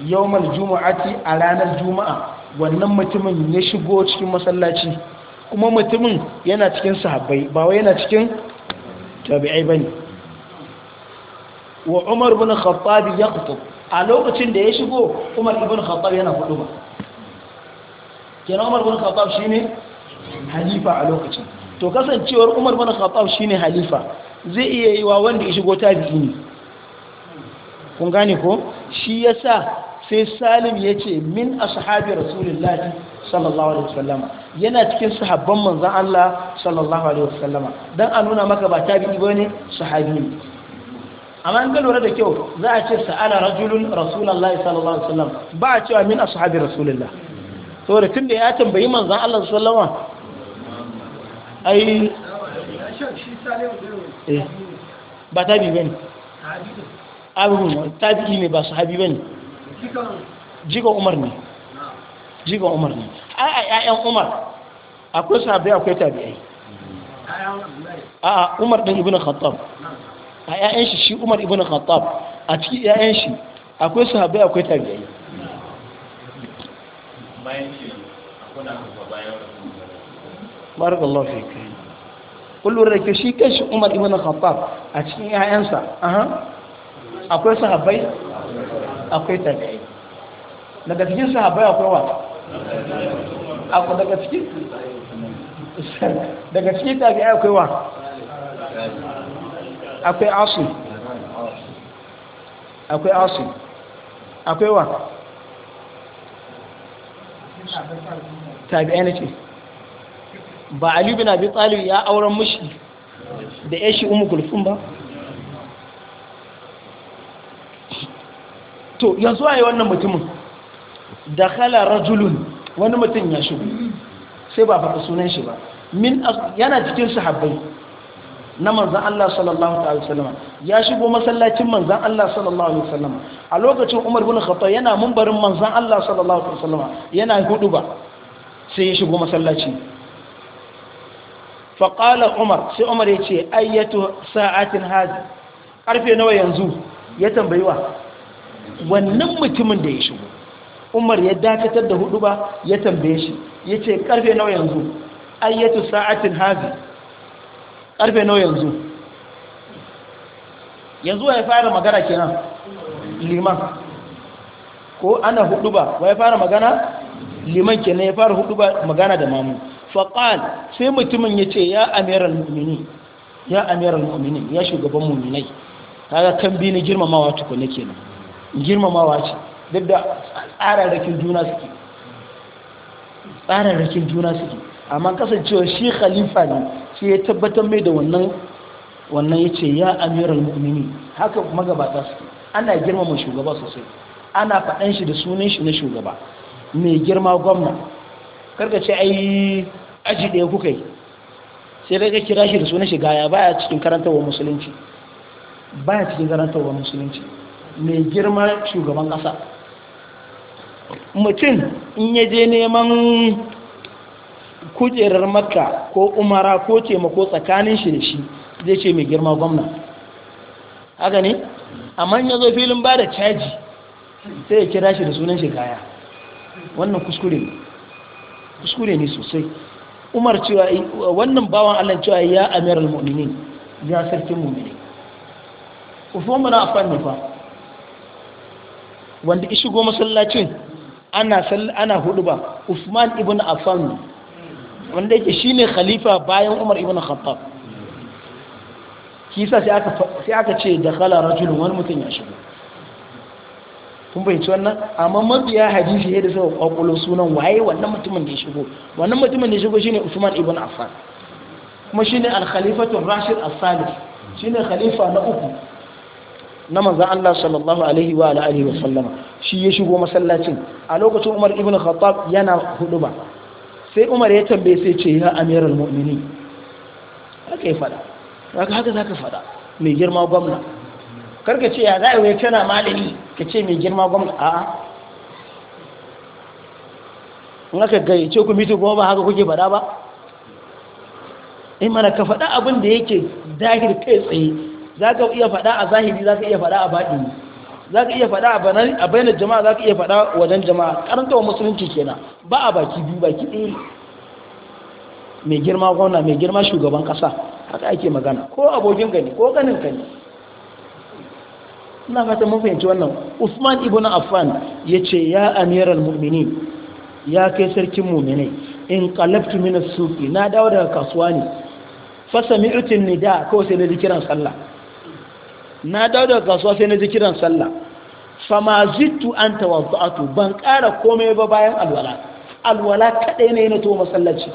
yawmal jumu'ati a ranar juma'a wannan mutumin ya shigo cikin masallaci kuma mutumin yana cikin sahabbai ba wai yana cikin tabi'ai bane wa Umar ibn Khattab yaqtub a lokacin da ya shigo Umar ibn Khattab yana hudu ba kenan Umar ibn Khattab shine halifa a lokacin to kasancewar Umar ibn Khattab shine halifa zai iya yi wa wanda ya shigo tabi'i ne kun gane ko shi yasa sai salim ya ce min ashabi rasulullahi sallallahu alaihi wasallama yana cikin sahabban manzon Allah sallallahu alaihi wasallama dan a nuna maka ba tabi'i bane sahabi ne amma in gano da kyau za a ce sa'ala rajulun rasulullahi sallallahu alaihi wasallam ba a cewa min ashabi rasulullah saboda da ya tambayi manzon Allah sallallahu alaihi wasallama ai eh, ba tabi'i bane tabi'i ne ba sahabi bane jigon umar ne jigon umar ne a a umar akwai sabi akwai tabi'ai a umar ɗin ibina khattab a ƴaƴan shi shi umar ibina khattab a cikin ƴaƴan shi akwai sabi akwai tabi'ai bayan shi akwai na bayan barakallahu fik kullu shi Umar ibn Khattab a cikin yayansa akwai sahabbai akwai tabi'ai daga cikin sahabai akwai wa akwai daga cikin daga cikin tabi'ai akwai wa akwai asu akwai asu akwai wa tabi'ai na ce ba ali bin abi talib ya auren mushi da ya shi umu gulfun ba to yanzu a yi wannan mutumin da khala rajulun wani mutum ya shigo sai ba faɗa sunan shi ba yana cikin sahabbai na manzan Allah sallallahu alaihi wasallam ya shigo masallacin manzan Allah sallallahu alaihi wasallam a lokacin Umar bin Khattab yana mumbarin manzan Allah sallallahu alaihi wasallam yana hudu ba sai ya shigo masallaci fa Umar sai Umar ya ce ayyatu sa'atin hadi ƙarfe nawa yanzu ya tambayi wa wannan mutumin da ya shigo umar ya dakatar da hudu ba ya tambaye shi ya ce karfe nawa yanzu ayyatu sa'atin hazi karfe nawa yanzu yanzu wa ya fara magana kenan liman ko ana hudu ba wa ya fara magana liman kenan ya fara hudu ba magana da mamu faƙal sai mutumin ya ce ya amiran mummini ya amiran mummini ya shugaban Ta ga kan bi ni girmamawa tukunne kenan girmamawa ce duk da tsararrakin juna suke tsararrakin juna suke amma kasancewa shi khalifa ne sai ya tabbatar mai da wannan wannan ya ce ya amiral mu'mini haka magabata suke ana girmama shugaba sosai ana faɗan shi da sunan shi na shugaba mai girma gwamna ce a yi aji ɗaya kuka yi sai daga kira shi da sunan shi gaya baya cikin karantarwa musulunci baya cikin musulunci mai girma shugaban ƙasa mutum in ya je neman kujerar makka ko umara ko taimako tsakanin shi da shi zai ce mai girma gwamna haka ne amma ya zo filin ba da caji sai ya kira shi da sunan shi kaya wannan kuskure ne kuskure ne sosai umar cewa wannan bawan allan cewa ya amiral mu'minin ya sarkin mu'minin ku mana afan nufa wanda ki shigo masallacin ana ana hudu ba Usman ibn Affan wanda yake shine khalifa bayan Umar ibn Khattab kisa sai aka sai aka ce da kala rajulun wani mutum ya shigo kun bai ci wannan amma mabiya hadisi yadda suka kwakwalo sunan waye wannan mutumin da ya shigo wannan mutumin da ya shigo shine Usman ibn Affan kuma shine al-khalifatu rashid as-salih shine khalifa na uku na manzan Allah sallallahu alaihi wa Alaihi wa sallama shi ya shigo masallacin a lokacin Umar ibn Khattab yana hudu ba sai Umar ya tambaye sai ce ya al-mu'mini haka ya fada haka haka zaka fada mai girma gwamna karka ce ya za'a wai tana malami ka ce mai girma gwamna a'a in aka ce ku mito goma ba haka kuke fada ba in eh mana ka fada abin da yake dahir kai tsaye za ka iya faɗa a zahiri za ka iya faɗa a baɗi za ka iya faɗa a bayanar jama'a za ka iya faɗa wajen jama'a karanta wa musulunci kenan ba a baki biyu baki ɗaya mai girma gwamna mai girma shugaban ƙasa haka ake magana ko abokin gani ko ganin gani ina fata mun fahimci wannan usman ibn affan ya ce ya amiral mu'mini ya kai sarkin mu'minai in kalabtu min as-suqi na dawo daga kasuwa ne fa sami'tu nida ko sai na kiran sallah na dawo daga kasuwa sai na ji kiran sallah fama zittu an tawazza'atu ban ƙara komai ba bayan alwala alwala kaɗai ne na to masallaci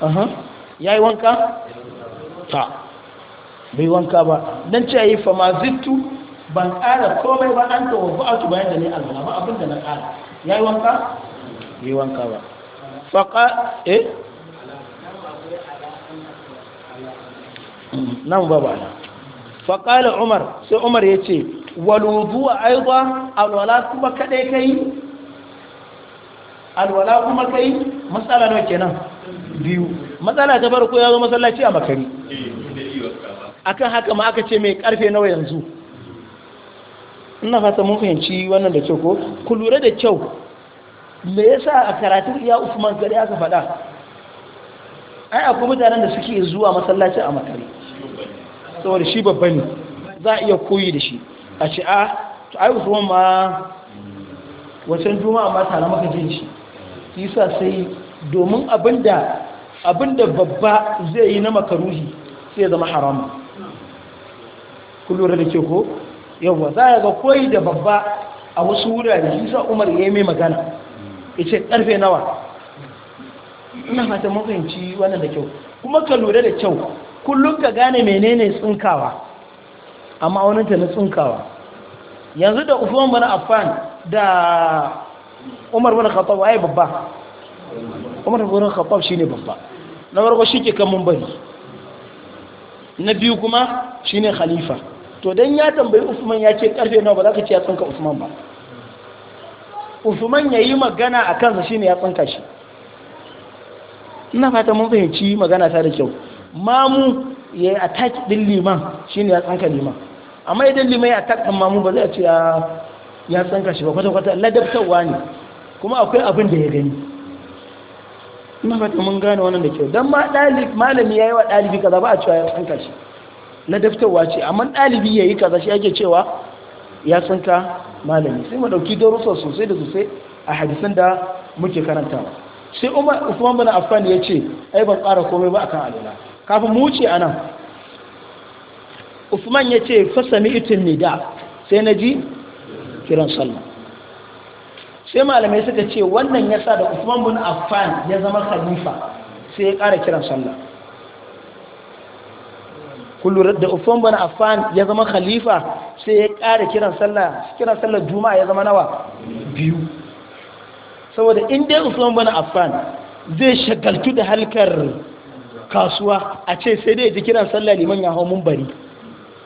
aha yayi wanka ta bai wanka ba dan ce yi fama zittu ban ƙara komai ba an tawazza'atu bayan da ne alwala ba abinda na ƙara yayi wanka yayi wanka ba faqa eh nan ba ba na faƙala umar sai umar ya ce walubu a aiwa alwala kuma kaɗai kai alwala kuma yi matsala nawa kenan biyu matsala ta farko ya zo masallaci a makari akan haka ma aka ce mai karfe nawa yanzu ina fata mun fahimci wannan da kyau ko ku lura da kyau me yasa a karatun iya usman gari aka faɗa ai akwai mutanen da suke zuwa masallaci a makare saboda shi babba ne za a iya koyi da shi a ce a ah, to ai usman ma wancan juma'a amma tare maka jin shi yasa sai domin abinda abinda babba zai yi na makaruhi sai ya zama haram kullum da ke ko yawa za a ga koyi da babba a wasu wurare yasa umar ya yi mai magana ya ce karfe nawa ina fata mafahimci fahimci wannan da kyau kuma ka lura da kyau kullum ka gane menene tsinkawa amma wani ta na tsinkawa yanzu da ufuwan bana Afan da Umar bana khatab ai babba Umar bana khatab shine babba na farko shike kan munbari na biyu kuma shine khalifa to dan ya tambayi Usman ya ce karfe nawa ba za ka ce ya tsinka Usman ba Usman yayi magana akan shi ne ya tsinka shi ina fata mun fahimci magana ta da kyau mamu ya yi attack din liman shine ya tsanka liman amma idan liman ya attack din mamu ba zai ce ya tsanka shi ba kwata-kwata ladabtarwa ne kuma akwai abin da ya gani ina fata mun gane wannan da kyau don ma malami ya yi wa ɗalibi kaza ba a cewa ya tsanka shi ladabtarwa ce amma ɗalibi ya yi kaza shi yake cewa ya tsanka malami sai mu ɗauki darussa sosai da sosai a hadisan da muke karantawa sai umar usman bin affan ya ce ai ban ƙara komai ba a kan alila kafin mu wuce anan usman ya ce fasami itin nida sai na ji kiran sallah sai malamai suka ce wannan ya sa da usman bin affan ya zama khalifa sai ya ƙara kiran sallah kullum da ufuman bin affan ya zama khalifa sai ya ƙara kiran sallah kiran Sallah juma'a ya zama nawa biyu saboda in dai usman bana affan zai shagaltu da halkar kasuwa a ce sai dai ji kiran sallah liman ya hau mun bari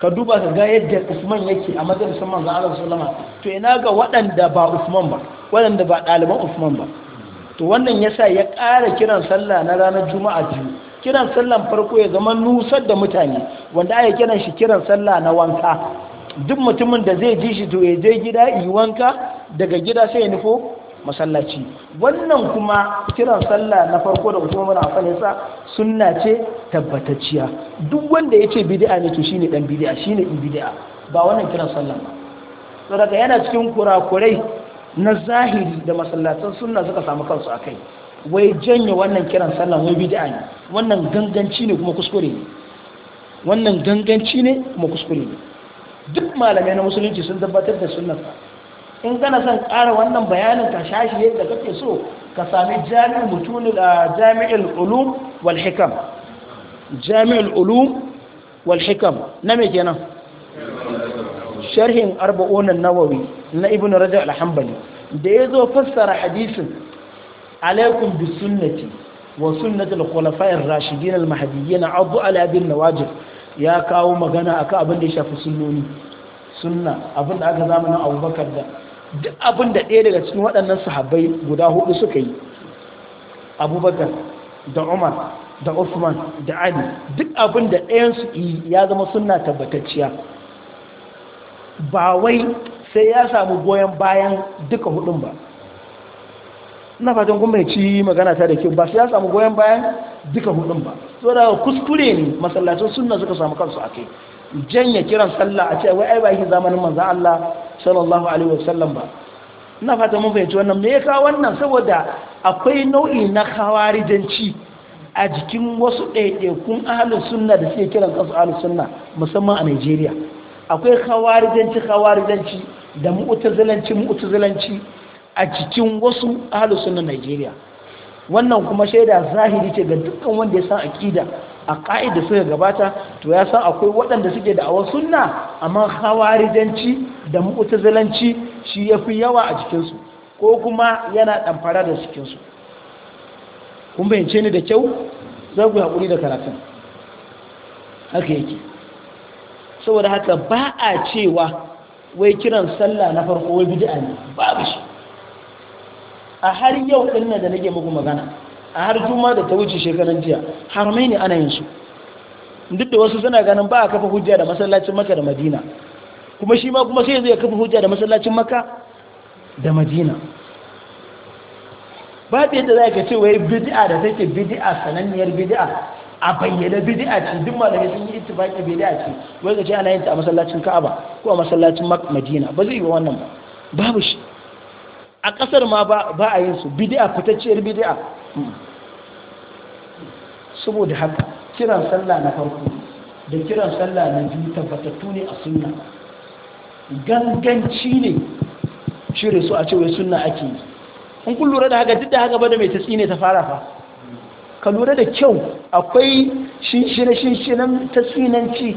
ka duba ka ga yadda usman yake a majalisar manzo Allah sallama to ina ga waɗanda ba usman ba waɗanda ba ɗaliban usman ba to wannan sa ya ƙara kiran sallah na ranar juma'a biyu kiran sallan farko ya zama nusar da mutane wanda ake kiran shi kiran sallah na wanka duk mutumin da zai ji shi to ya je gida yi wanka daga gida sai ya nufo masallaci wannan kuma kiran sallah na farko da kuma mana amfani yasa sunna ce tabbatacciya duk wanda ya ce bid'a ne to shine dan bid'a shine in bid'a ba wannan kiran sallah ba to daga yana cikin kurakurai na zahiri da masallatan sunna suka samu kansu akai wai janye wannan kiran sallah wai bid'a ne wannan ganganci ne kuma kuskure ne wannan ganganci ne kuma kuskure ne duk malamai na musulunci sun tabbatar da sunnar in kana son ƙara wannan bayanin ka shashi yadda kake so ka sami jami'ul mutunul jami'ul ulum wal hikam jami'ul ulum wal hikam na me kenan sharhin arba'un an-nawawi na ibnu rajab al-hanbali da yazo fassara hadisin alaikum bi sunnati wa sunnati al-khulafa'ir rashidin al-mahdiyyin abu ala bin nawajib ya kawo magana akan abin da ya shafi sunnoni sunna abin da aka zamanin abubakar da duk abin da ɗaya daga cikin waɗannan sahabbai guda hudu suka yi abubakar da umar da usman da ali duk abin da ɗayansu yi ya zama suna tabbatacciya ba wai sai ya samu goyon bayan duka hudun ba ina fatan kuma ya ci magana ta da kyau ba su ya samu goyon bayan duka hudun ba so kuskure ne masallacin suna suka samu kansu a kai janya kiran sallah a ce wai ai ba yake zamanin manzon Allah sallallahu alaihi wasallam ba ina fata mun fahimci wannan me ya wannan saboda akwai nau'i na khawarijanci a jikin wasu ɗaiɗaikun ahalus sunna da suke kiran kansu ahalus sunna musamman a Najeriya akwai khawarijanci khawarijanci da mu'tazilanci mu'tazilanci a cikin wasu ahalus sunna Najeriya wannan kuma shaida zahiri ce ga dukkan wanda ya san aqida a ƙa'ida suka gabata to ya san akwai waɗanda suke da awon sunna amma hawarijanci da mu'tazilanci shi ya fi yawa a cikinsu, ko kuma yana ɗamfara da cikinsu kun bayance ni da kyau za ku haƙuri da karatun haka yake saboda haka ba a cewa wai kiran sallah na farko wai bidi'a ne babu shi a har yau ɗin da nake maku magana a har juma da ta wuce shekaran jiya haramai ne ana yin su duk da wasu suna ganin ba a kafa hujja da masallacin maka da madina kuma shi ma kuma sai zai kafa hujja da masallacin maka da madina ba ta yadda za ka ce wai bidi'a da take bidi'a sananniyar bidi'a a bayyana bidi'a ce duk malamai sun yi itibaki bidi'a ce wai ka ce ana yin ta a masallacin Ka'aba ko a masallacin Madina ba zai yi wannan ba babu shi a ƙasar ma ba a yin su bidi'a fitacciyar bidiya. saboda haka kiran sallah na farko da kiran sallah na biyu tabbatattu ne a suna, ganganci ne shirye su a cewa suna ake yi in kun lura da haka duk da haka bada mai tatsi ne ta fara fa ka lura da kyau akwai shinshine shinshinan tatsinanci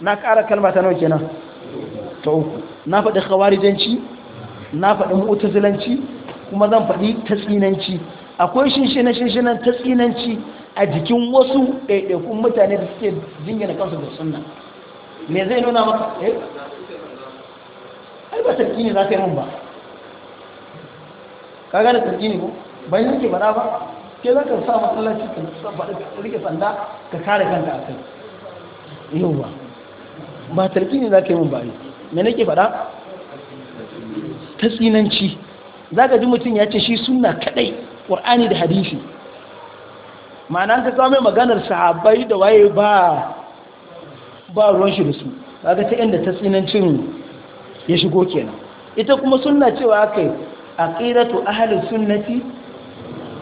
na ƙara kalma ta nau kenan ta uku na faɗi kawarijanci na faɗi mu'tazilanci kuma zan faɗi tatsinanci akwai shinshina shinshinan tatsinanci a jikin wasu ɗaiɗaikun mutane da suke jingina kansu da sunna me zai nuna maka eh ai ba tarki ne za ka yi mun ba ka gane tarki ne ko bai nake bada ba ke za ka sa masallaci ka rike sanda ka kare kanka a kai yau ba ba tarki ne za ka yi mun ba ne me nake bada ta tsinanci za ka ji mutum ya ce shi suna kadai ƙwar'ani da hadisi ma'ana ka samu maganar sahabai da waye ba ba ruwan shi da su ba ta inda ta tsinancin ya shigo kenan ita kuma suna cewa kai a ƙiratu ahalin sunnati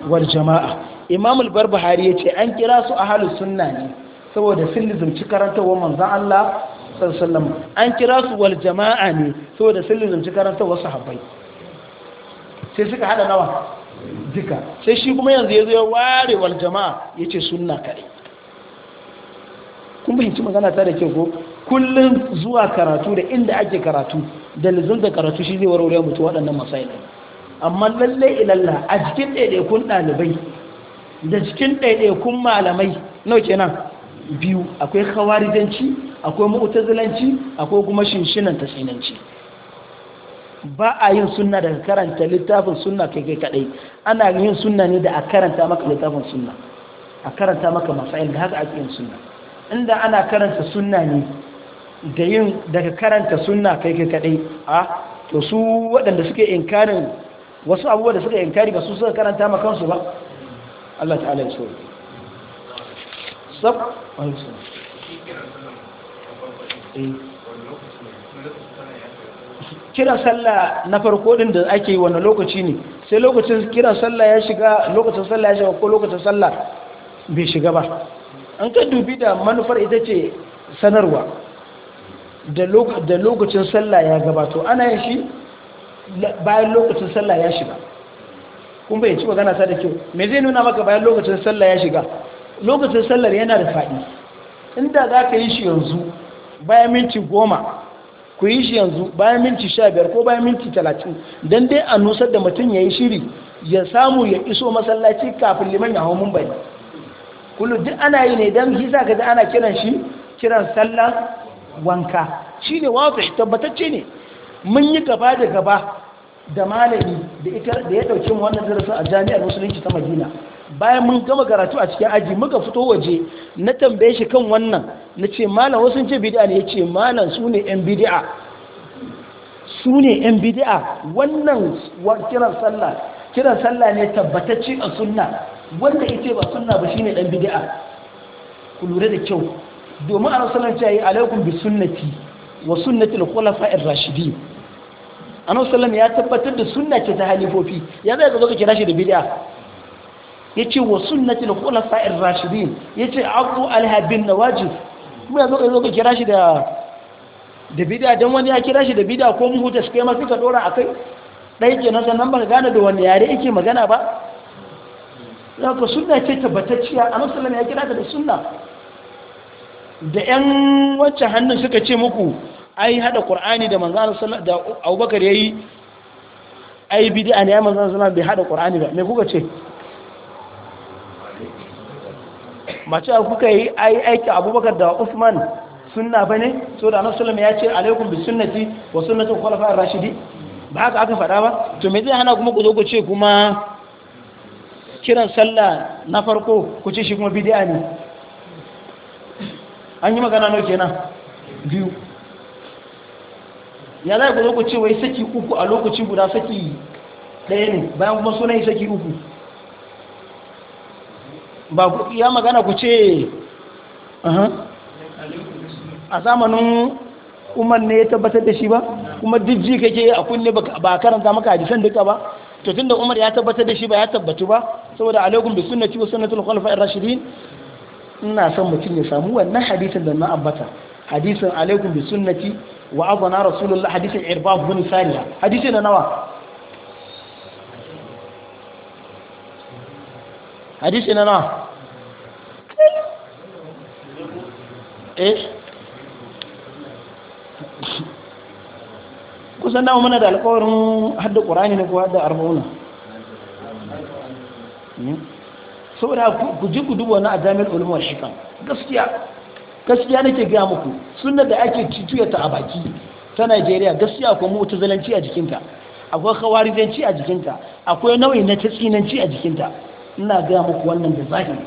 wal jama'a imam al-barbahari ya ce an kira su ahalin sunna ne saboda sun lizumci karantawar manzan Allah sallallahu an kira su wal jama'a ne saboda sun lizumci karantar wasu habbai sai suka hada nawa duka sai shi kuma yanzu ya zo ya ware wal jama'a yace sunna kare kun fahimci magana ta da ke ko kullum zuwa karatu da inda ake karatu da da karatu shi zai warware mutu waɗannan masail amma lallai ilalla a cikin ɗaiɗaikun ɗalibai da cikin ɗaiɗaikun malamai nau kenan biyu akwai khawarijanci akwai mu'tazilanci akwai kuma shinshinan tasinanci ba a yin sunna daga karanta littafin sunna kai kai kadai ana yin sunna ne da a karanta maka littafin sunna a karanta maka masail da haka ake yin sunna inda ana karanta sunna ne da yin daga karanta sunna kai kai kadai a to su waɗanda suke inkarin wasu abubuwa da suka inkari ba su suka karanta maka kansu ba Allah ta'ala ya so sab sallam kiran sallah na farko din da ake yi wannan lokaci ne sai lokacin kira sallah ya shiga lokacin sallah ya shiga ko lokacin sallah bai shiga ba an ka dubi da manufar ita ce sanarwa da lokacin sallah ya gabato ana yin shi bayan lokacin sallah ya shiga kun bai ci magana ta da kyau me zai nuna maka bayan lokacin sallah ya shiga lokacin sallar yana da faɗi inda za ka yi shi yanzu bayan minti goma ku yi shi yanzu bayan minti sha biyar ko bayan minti talatin don dai a nusar da mutum ya yi shiri ya samu ya iso masallaci kafin liman ya hau mun bai kullu duk ana yi ne don hisa ka ana kiran shi kiran sallah wanka shi ne tabbatacce ne mun yi gaba da gaba da malami da ita da ya dauke mu wannan darasin a jami'ar musulunci ta madina bayan mun gama karatu a cikin aji muka fito waje na tambaye shi kan wannan na ce malam wasu ce bidi'a ne ya ce malam su ne yan bidi'a su ne yan bidi'a wannan kiran sallah kiran sallah ne tabbatacce a sunna wanda ce ba sunna ba shine dan bidi'a ku lura da kyau domin an sallallahu alaihi wasallam ya bi sunnati wa sunnati al Rashidi. an annabi sallallahu ya tabbatar da sunna ke ta halifofi ya zai ga zo ka kira shi da bidi'a. yace wa sunnatul khulafa'ir rashidin yace abu alhabin nawajib kuma yazo kai zo ka kira shi da da bid'a dan wani ya kira shi da bid'a ko mu huta kai ma suka dora akai dai kenan nan ba gane da wani yare yake magana ba zaka sunna ce tabbatacciya annabi sallallahu ya kira ta da sunna da ƴan wacce hannun suka ce muku ai hada qur'ani da manzo sallallahu da Abubakar yayi ai bid'a ne manzo sallallahu bai hada qur'ani ba me kuka ce mace kuka yi aiki abubakar da usman sunna ba ne so da annabi sallallahu ya ce alaikum bi sunnati wa sunnati khulafa'ir rashidi ba haka aka faɗa ba to me zai hana kuma ku zo ku ce kuma kiran sallah na farko ku ce shi kuma bid'a ne an yi magana nawa kenan biyu ya za ku zo ku ce wai saki uku a lokacin guda saki ɗaya ne bayan kuma sunan saki uku ba ku ya magana ku ce a zamanin umar ne ya tabbatar da shi ba kuma duk kake a kunne ba karanta maka hadisan duka ba to tunda umar ya tabbatar da shi ba ya tabbatu ba saboda alaikum bi sunnati wa sunnatul khulafa'ir rashidin ina son mutum ya samu wannan hadisin da na ambata hadisin alaikum bi sunnati wa adana rasulullah hadisin irbab bin sariya hadisin da nawa hadisi na náà eh kusan dama muna da alkawarin hadda ƙorani ne ko hadda arba'una hmm? saboda ku ji ku dubo wani a olumar shika. shikan gaskiya gaskiya nake gaya muku suna da ake cutuyata a baki ta najeriya gaskiya akwai mutu zalanci a jikinta akwai kawarijanci a jikinta akwai nau'i na tatsinanci a jikinta ina gaya muku wannan da zahiri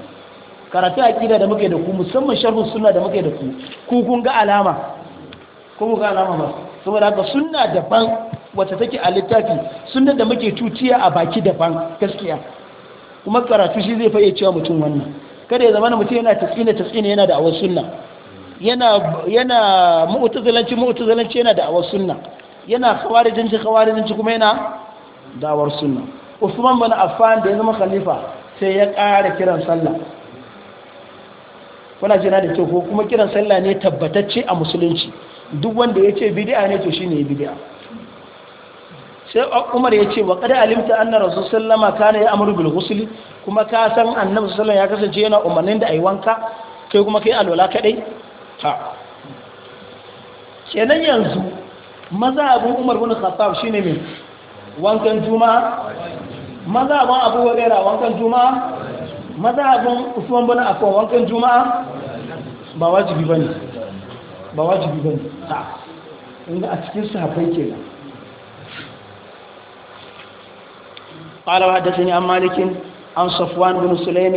karatu aqida da muke da ku musamman sharhu sunna da muke da ku ku kun ga alama kun ga alama ba saboda haka sunna daban wata take a littafi sunna da muke tuciya a baki daban gaskiya kuma karatu shi zai faye cewa mutum wannan kada ya zama na mutum yana tasina tasina yana da awar sunna yana yana mu'tazilanci mu'tazilanci yana da awar sunna yana khawarijinci khawarijinci kuma yana da awar sunna Usman bin Affan da ya zama khalifa sai ya ƙara kiran sallah kuna jina da kyau ko kuma kiran sallah ne tabbatacce a musulunci duk wanda ya ce bidi'a ne to shi ne bidi'a sai umar ya ce wa alimta anna rasu sallama na ya amuru bil kuma ka san annabi sallama ya kasance yana umarnin da yi wanka kai kuma kai alwala kaɗai ha kenan yanzu maza abin umar wani khattab shine mai wankan juma'a mazhabin abu huraira wankan juma'a mazhabin usman a affan wankan juma'a ba wajibi bane ba wajibi bane ta inda a cikin sahabbai kenan قال وحدثني an malikin an صفوان بن سليم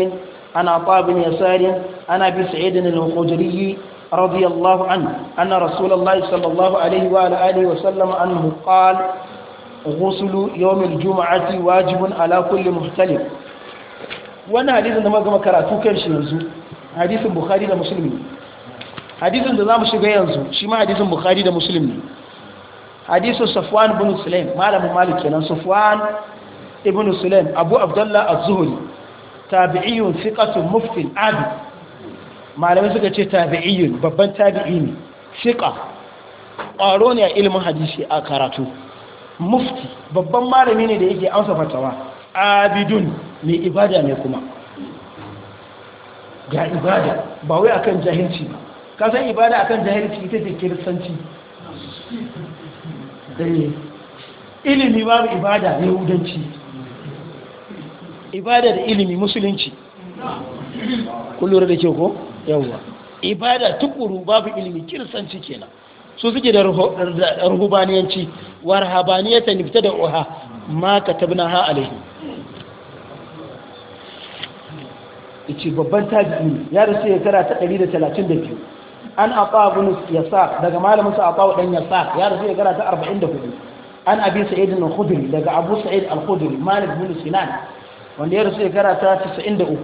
عن عطاء بن ana عن ابي da الخدري رضي الله عنه أن رسول الله صلى الله عليه وعلى وسلم أنه قال ghuslu yawmil juma'ati wajibin ala kulli muhtalim wannan hadisin da muka karatu kan shi yanzu hadisin bukhari da muslim hadisin da zamu shiga yanzu shi ma hadisin bukhari da muslim ne hadisin safwan ibn sulaim malamin malik kenan safwan ibn sulaim abu abdullah az-zuhri tabi'iyun thiqatun muftin adi malamai suka ce tabi'iyun babban tabi'i ne thiqa ƙwaro ne a ilimin hadisi a karatu mufti babban malami ne da yake amsa fatawa abidun mai ibada ne kuma ga ibada ba wai akan jahilci ba ka san ibada akan jahilci ita ce kiristanci eh. ilimi babu ibada ne yahudanci ibada da ilimi musulunci kullum da ke ko yawwa ibada tukuru babu ilimi kiristanci kenan su suke da ruhubaniyanci wa rahabaniyata nifta da uha ma ka tabna ha alaihi ice babban tajini ya rasu ya kara ta 132 an aqa ya sa daga malamin sa aqa ya sa ya rasu ya kara ta 44 an abi sa'id al-khudri daga abu sa'id al-khudri malik bin sinan wanda ya rasu ya kara ta 93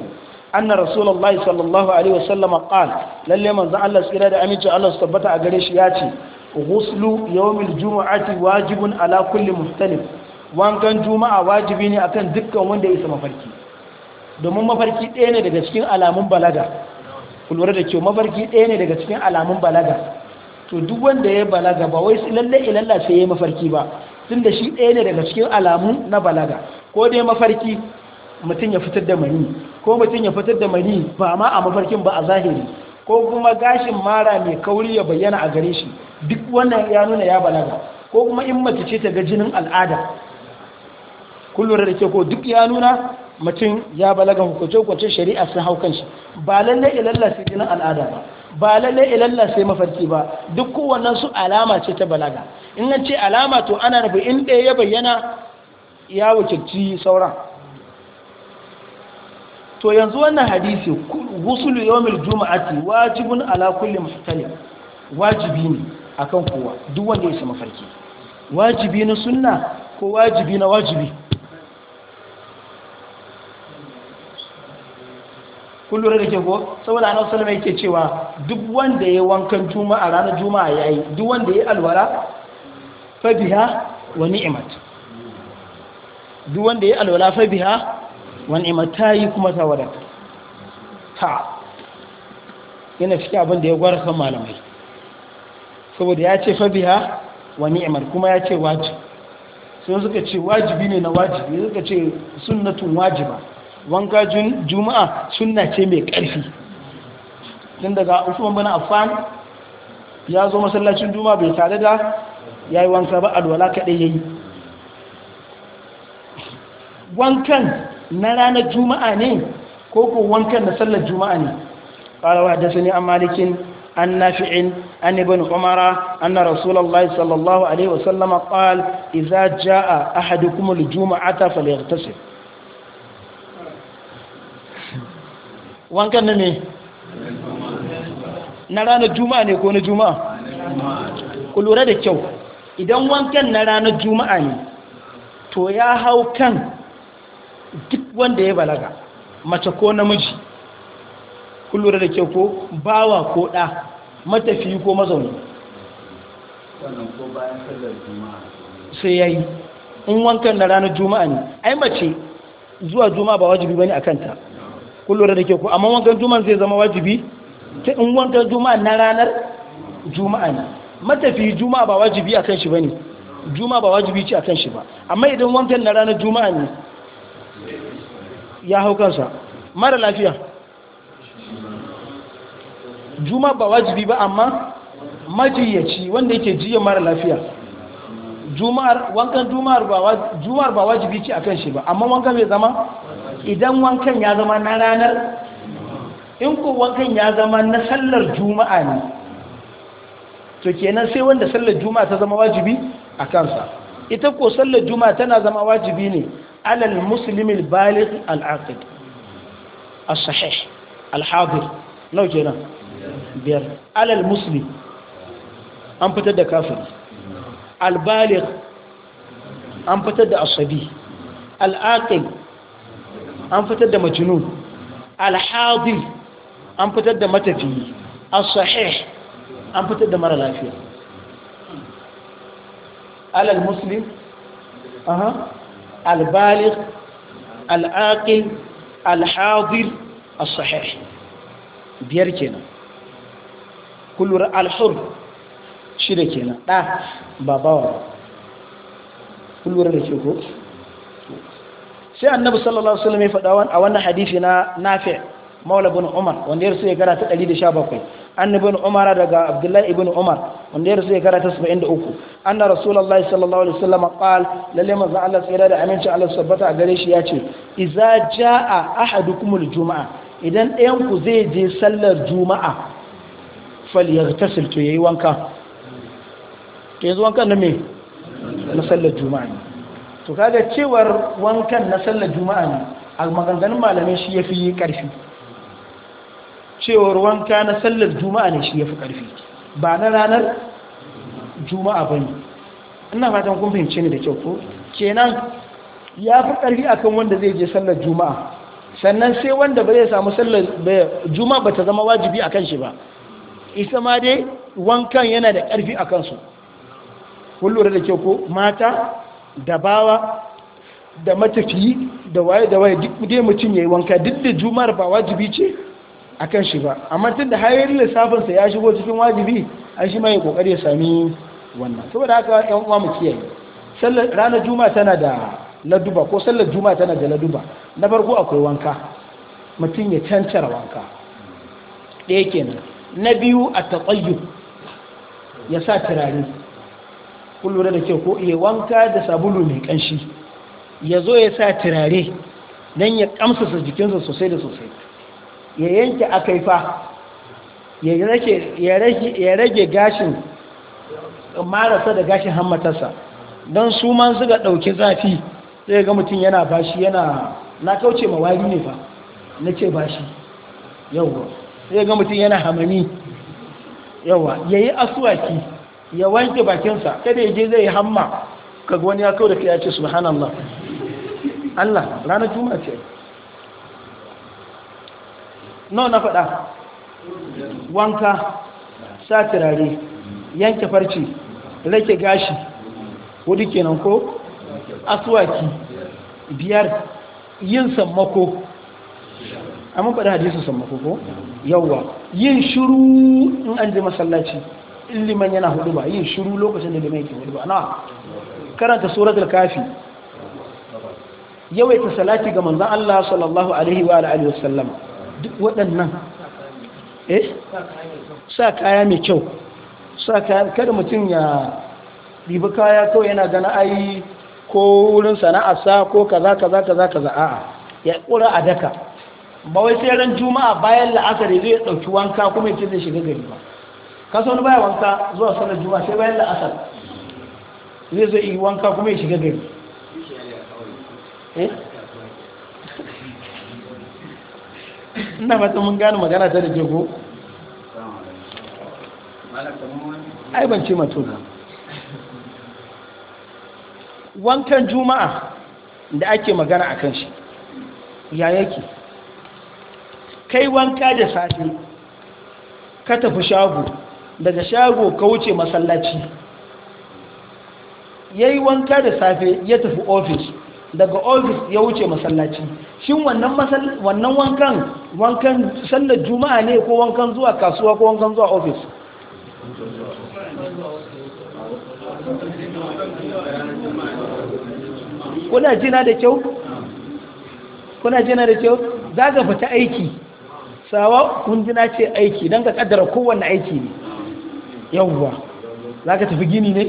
anna rasulullahi sallallahu alaihi wasallam qal lalle manzo Allah tsira da aminci Allah su tabbata a gare shi ya ce ghuslu yawmil jumu'ati wajibun ala kulli muhtalif wankan juma'a wajibi ne akan dukkan wanda ya isa mafarki domin mafarki ɗaya ne daga cikin alamun balaga kulwar da kyau mafarki ɗaya ne daga cikin alamun balaga to duk wanda ya balaga ba wai lalle ilalla sai ya mafarki ba tun da shi ɗaya ne daga cikin alamun na balaga ko dai mafarki mutum ya fitar da mani ko mutum ya fitar da mani ba ma a mafarkin ba a zahiri ko kuma gashin mara mai kauri ya bayyana a gare shi duk wannan ya nuna ya balaga ko kuma in mace ce ta ga jinin al'ada kullum da ke ko duk ya nuna mutum ya balaga hukunce-hukunce shari'a sun hau shi. ba lalle ilalla sai jinin al'ada ba ba lalle ilalla sai mafarki ba duk kowannen su alama ce ta balaga in an ce alama to ana nufi in ɗaya ya bayyana ya wakilci sauran to yanzu wannan hadisi gusulu yawmil juma'ati wajibun ala kulli muhtalim wajibi ne akan kowa duk wanda ya sama farki wajibi na sunna ko wajibi na wajibi kullum da ke ko saboda annabi wasallam yake cewa duk wanda ya wankan juma'a ranar juma'a yayi duk wanda ya alwala fa biha wa ni'mat duk wanda ya alwala fa biha ni'ima ta yi kuma ta wadata ta yana fi abin da ya gwara kan malamai saboda ya ce fabiha wa ni'imar kuma ya ce wajib sun suka ce wajibi ne na wajibi suka ce sunnatun wajiba wanka juma'a sunna ce mai ƙarfi tun daga usman bin affan ya zo masallacin juma'a bai tare da yayi wanka ba alwala kadai yi wankan na ranar juma'a ne ko ko wankan na sallar juma'a ne qala wa hadathani an malikin an nafi'in an ibn umara na rasulallah sallallahu alaihi wasallam qala idza jaa ahadukum aljum'ata falyaghtasil wankan na ne na ranar juma'a ne ko na juma'a ku lura da kyau idan wankan na ranar juma'a ne to ya hau kan wanda ya balaga mace ko namiji kullum da ke ko bawa ko ɗa matafiyi ko mazauni sai ya yi in wankan na ranar juma'a ne ai mace zuwa juma'a ba wajibi ba ne a kanta kullum da ke ko amma wankan juma'a zai zama wajibi ta in wankan juma'a na ranar juma'a ne matafiyi juma'a ba wajibi a kan shi ba ne juma'a ba wajibi ce a kan shi ba amma idan wankan na ranar juma'a ne ya hau kansa mara lafiya juma ba wajibi ba amma majiyaci wanda yake jiya mara lafiya juma'ar wankan juma'ar ba wajibi ce kan shi ba amma wankan mai zama idan wankan ya zama na ranar in ko wankan ya zama na sallar juma'a ne to kenan sai wanda sallar juma'a ta zama wajibi a kansa ita ko sallar juma'a tana zama wajibi ne على المسلم البالغ العاقل الصحيح الحاضر لو جينا بير على المسلم ام بتد كافر البالغ ام بتد الصبي العاقل ام بتد مجنون الحاضر ام بتد متفي الصحيح ام بتد مرى العافيه على المسلم اها البالغ العاقل الحاضر الصحيح ديار كينا كل الحر شيري كينا آه، بابا كل رجل يقول سي النبي صلى الله عليه وسلم فداوان او حديثنا نافع مولى بن عمر وندير سي غرات 117 an ibn umar daga abdullahi ibn umar wanda ya rasu ya karata uku. anna rasulullahi sallallahu alaihi wasallam qal lalle manzo Allah tsira da aminci Allah sabbata a gare shi yace idza jaa ahadukumul jumaa idan ɗayan ku zai je sallar juma'a falyaghtasil to yayi wanka to yanzu wankan na me na sallar juma'a to kaga cewar wankan na sallar juma'a ne a maganganun malamai shi yafi karfi cewar wanka na sallar juma'a ne shi ya fi ƙarfi ba na ranar juma'a ba ne ina fatan kun fahimci ni da kyau ko kenan ya fi ƙarfi akan wanda zai je sallar juma'a sannan sai wanda ba zai samu sallar juma'a ba ta zama wajibi a kan shi ba isa ma dai wankan yana da ƙarfi a kansu kun lura da kyau ko mata da bawa da matafiyi da waye da waye duk dai mutum ya yi wanka duk da juma'ar ba wajibi ce a kan shi ba amma tun da hayoyin lissafinsa ya shigo cikin wajibi an shi mai kokari ya sami wannan saboda haka yan uwa mu kiyaye ranar juma tana da laduba ko sallar juma tana da laduba na farko akwai wanka mutum ya cancara wanka ɗaya kenan na biyu a taƙayyu ya sa turare kun lura da kyau ko iya wanka da sabulu mai ƙanshi ya zo ya sa turare don ya ƙamsasa jikinsa sosai da sosai ya yanke akaifa ya rage gashin marasa da gashin hammatarsa don su man suka ɗauki zafi sai ga mutum yana bashi yana na kauce ma wari ne fa na ce bashi yauwa sai ga mutum yana hamani yauwa ya yi asuwaki ya wanke bakinsa kada ya je zai hamma kaga wani ya kau da fiye ya ce subhanallah Allah ranar juma'a ce no na faɗa wanka sa turare yanke farce rake gashi wadda kenan ko aswaki biyar yin sammako amma faɗi hadisun sammako ko yawwa yin shuru in an ji masallaci liman yana hudu ba yin shuru lokacin da liman yake hudu ba na karanta suratul kafi yawaita salati ga manzan Allah sallallahu alaihi wa alihi wasallam duk waɗannan eh sa kaya mai kyau sa kaya kada mutum ya riba kaya kawai yana gana ai ko wurin sana'arsa ko kaza kaza kaza kaza a'a ya kura a daka ba wai sai ran juma'a bayan la'asar zai dauki wanka kuma ya ce zai shiga gari ba ka san baya wanka zuwa sanar juma'a sai bayan la'asar zai zai yi wanka kuma ya shiga gari eh ina fata mun gane magana ta da je ko ai ban ce mato ba wankan juma'a da ake magana a kan shi ya yake kai wanka da safe ka tafi shago daga shago ka wuce masallaci ya yi wanka da safe ya tafi ofis daga ofis ya wuce masallaci shin wannan wannan wankan wankan sallar juma'a ne ko wankan zuwa kasuwa ko wankan zuwa ofis kuna jina da kyau kuna jina da kyau za ka fita aiki sawa kun jina ce aiki don ka kaddara kowanne aiki ne yawwa za ka tafi gini ne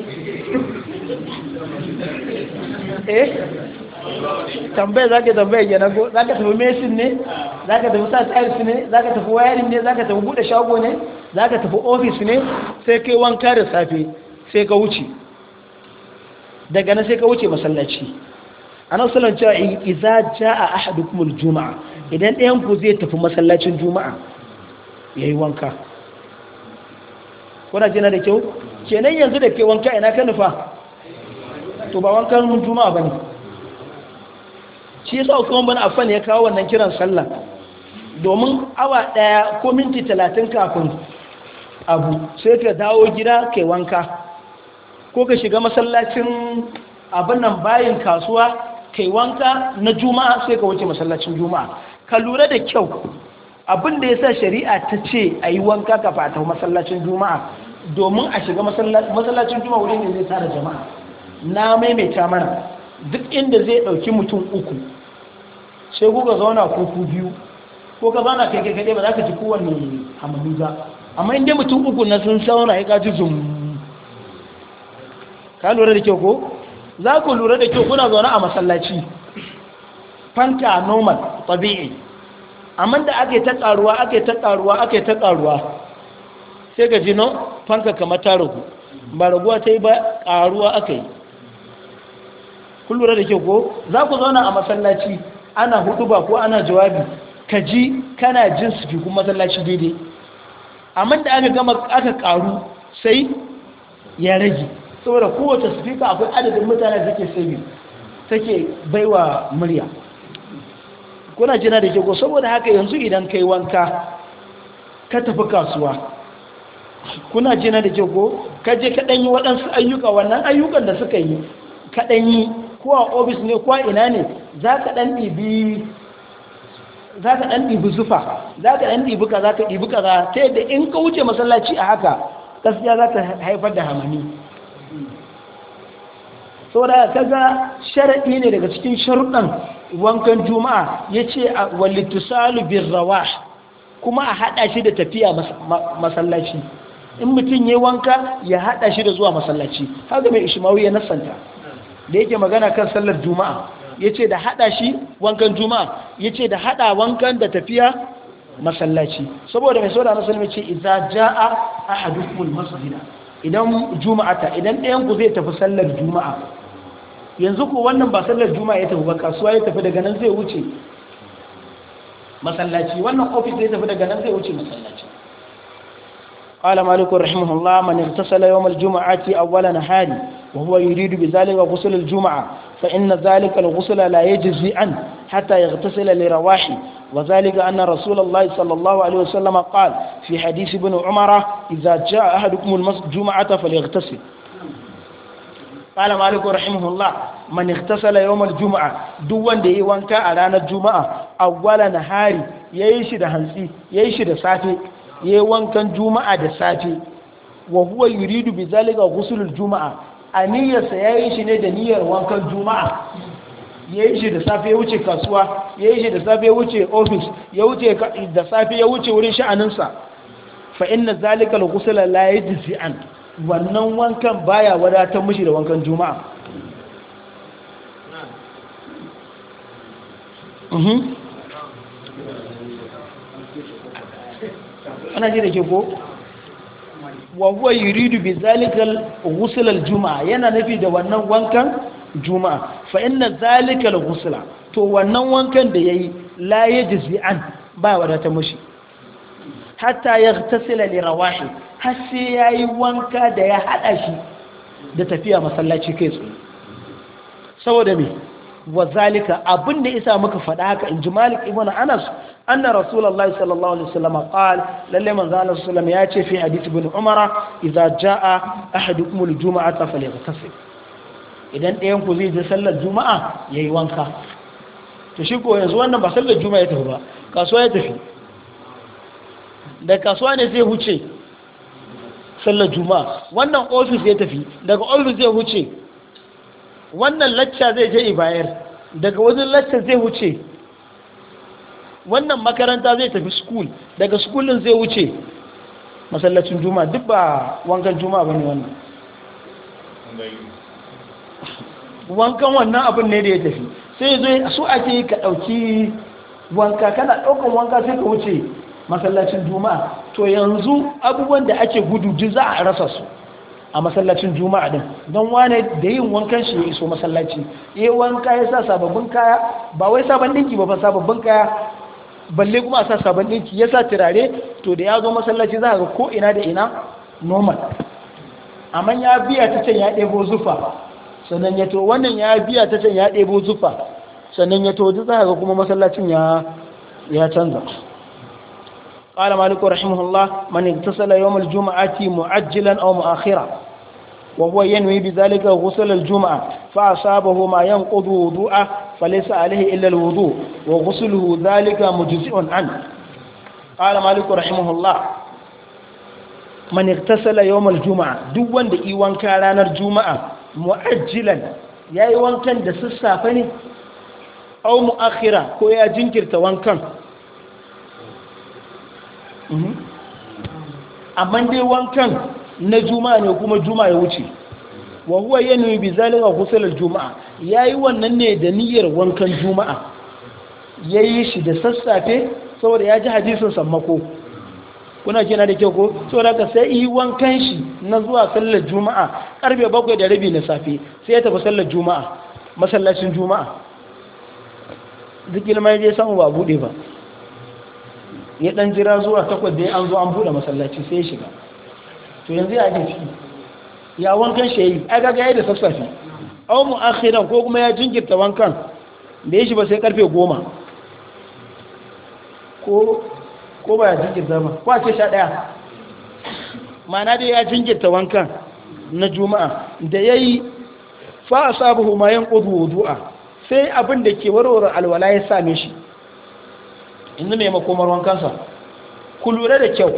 eh tambaya za ka tambaya gina ko za ka tafi mesin ne za ka tafi sa ne za ka tafi wayarin ne za ka tafi buɗe shago ne za ka tafi ofis ne sai kai wanka da safe sai ka wuce daga na sai ka wuce masallaci A nan salon cewa iza ja'a ahadukumul juma'a idan ɗayan ku zai tafi masallacin juma'a ya yi wanka kuna jina da kyau kenan yanzu da ke wanka ina ka nufa to ba wankan juma'a ba ne. shi yasa Usman wani afan ya kawo wannan kiran sallah domin awa ɗaya ko minti talatin kafin abu sai ka dawo gida kai wanka ko ka shiga masallacin abin nan bayin kasuwa kai wanka na juma'a sai ka wuce masallacin juma'a ka lura da kyau abin da ya sa shari'a ta ce a yi wanka ka fata masallacin juma'a domin a shiga masallacin juma'a wurin ne zai tara jama'a na maimaita mana duk inda zai ɗauki mutum uku sai kuka zauna ko ku biyu ko ka zauna kai kai kai ba za ka ji kowanne hamami ba amma inda mutum uku na sun saura ya kaji zum ka lura da kyau ko za ku lura da kyau kuna zauna a masallaci fanta normal tabi'i amma da ake ta karuwa ake ta karuwa ake ta karuwa sai ji no fanka kamar ta ragu ba raguwa ta yi ba karuwa aka yi Ku lura da kyau ko za ku zauna a masallaci ana hudu ko ana jawabi ka ji kana jin su kuma masallaci daidai amma da aka gama aka karu sai ya rage saboda kowace sufika akwai adadin mutane da suke sai take baiwa murya kuna jina da ke ko saboda haka yanzu idan kai wanka ka tafi kasuwa kuna jina da ke ko ka je ka ɗanyi waɗansu ayyuka wannan ayyukan da suka yi ka ɗanyi ko obis ofis ne kuwa ina ne za ka ɗan ɗibi za ka ɗan ɗibi zufa za ka ɗibi ka ɗibi ta yadda in ka wuce masallaci a haka gaskiya za ta haifar da hamani saboda ta ga sharaɗi ne daga cikin sharuɗan wankan juma'a ya ce a walittusalu bin rawa kuma a haɗa shi da tafiya masallaci in mutum ya wanka ya haɗa shi da zuwa masallaci haka mai ishimawu ya nasanta da yake magana kan sallar juma'a Ya ce da hada shi wankan juma'a Ya ce da hada wankan da tafiya masallaci saboda mai saboda musulmi ce idza jaa ahadukum masjida idan juma'a ta idan ɗayanku zai tafi sallar juma'a yanzu ko wannan ba sallar juma'a ya tafi ba kasuwa ya tafi daga nan zai wuce masallaci wannan ofis zai tafi daga nan zai wuce masallaci قال مالك رحمه الله من اغتسل يوم الجمعة أول نهاري وهو يريد بذلك غسل الجمعة فإن ذلك الغسل لا يجزي عنه حتى يغتسل لرواحه وذلك أن رسول الله صلى الله عليه وسلم قال في حديث ابن عمر إذا جاء أحدكم المسجد جمعة فليغتسل قال مالك رحمه الله من اغتسل يوم الجمعة دوان دي وانكا على الجمعة أول نهاري يشي ده هنسي يشي ده ساتي يوانكا جمعة ده ساتي وهو يريد بذلك غسل الجمعة a niyyarsa ya yi shi ne da niyyar wankan juma'a ya yi shi da safe ya wuce kasuwa ya yi shi da safe ya wuce ofis ya wuce da safe ya wuce wurin sha'aninsa fa inna zalika al-ghusla la zi'an? wannan wankan baya wadatar mishi da wankan juma'a mhm. ana ji da ke ko wahuwa huwa yuridu bi zalikal ghusl al juma'a yana nufi da wannan wankan juma'a fa inna zalikal ghusla to wannan wankan da yayi la yajzi an ba wadata mushi hatta yaghtasila li rawahi har sai yayi wanka da ya hada shi da tafiya masallaci kai tsaye saboda me Wazalika abinda abin isa muka faɗa haka inji malik ibn anas anna rasulullahi sallallahu alaihi wasallam qal lalle manzo Allah sallallahu ya ce fi hadith ibn umara idza jaa idan ɗayan ku zai je sallar juma'a yi wanka to shi ko yanzu wannan ba sallar juma'a ya tafi ba kasuwa ya tafi da kasuwa ne zai huce sallar juma'a wannan ofis ya tafi daga ofis zai huce wannan lacca zai je bayar daga wajen lacca zai wuce wannan makaranta zai tafi school daga schoolin zai wuce masallacin juma'a duk ba wankan juma'a ne wannan wankan wannan abin ne da ya tafi sai zai, su ake ka ɗauki wanka kana ɗaukar wanka sai ka wuce masallacin juma'a to yanzu abubuwan da ake gudu duk za a rasa su a masallacin juma'a din don wane da yin wankan shi ya iso masallaci ya wanka ya sa sababbin kaya ba wai sabon dinki ba fa sababbin kaya balle kuma a sa sabon dinki ya sa turare to da ya zo masallaci za ga ko ina da ina normal amma ya biya ta can ya ɗebo zufa sannan ya to wannan ya biya ta can ya ɗebo zufa sannan ya to duk za ga kuma masallacin ya ya canza قال مالك رحمه الله من اغتسل يوم الجمعة معجلا أو مؤخرا وهو ينوي بذلك غسل الجمعة فأصابه ما ينقض وضوءه فليس عليه إلا الوضوء وغسله ذلك مجزئ عنه قال مالك رحمه الله man iktasala yawmal juma'a duk wanda yi wanka ranar juma'a mu'ajjilan yayi wankan da sassafe ne aw mu'akhira ko ya jinkirta wankan Mhm. amma dai wankan na juma'a ne kuma juma'a ya wuce wa huwa yanwi bi zalika ghusl juma'a yayi wannan ne da niyyar wankan juma'a yayi shi da sassafe saboda ya ji hadisin sammako kuna kina da kyau ko saboda ka sai yi wankan shi na zuwa sallar juma'a karfe bakwai da rabi na safe sai ya tafi sallar juma'a masallacin juma'a duk ilmai ya samu ba bude ba ya dan jira zuwa takwas da an zo an bude masallaci sai ya shiga to yanzu ya ake ciki ya wankan shi yayi ai kaga yayi da sassafe aw mu'akhiran ko kuma ya jinkirta wankan da ya shi ba sai karfe goma ko ko ba ya jinkirta ba ko a ce 11 ma'ana dai ya jinkirta wankan na juma'a da yayi fa sabu ma yanqudu wudu'a sai abin da ke warware alwala ya same shi inda mai makomar wankansa ku lura da kyau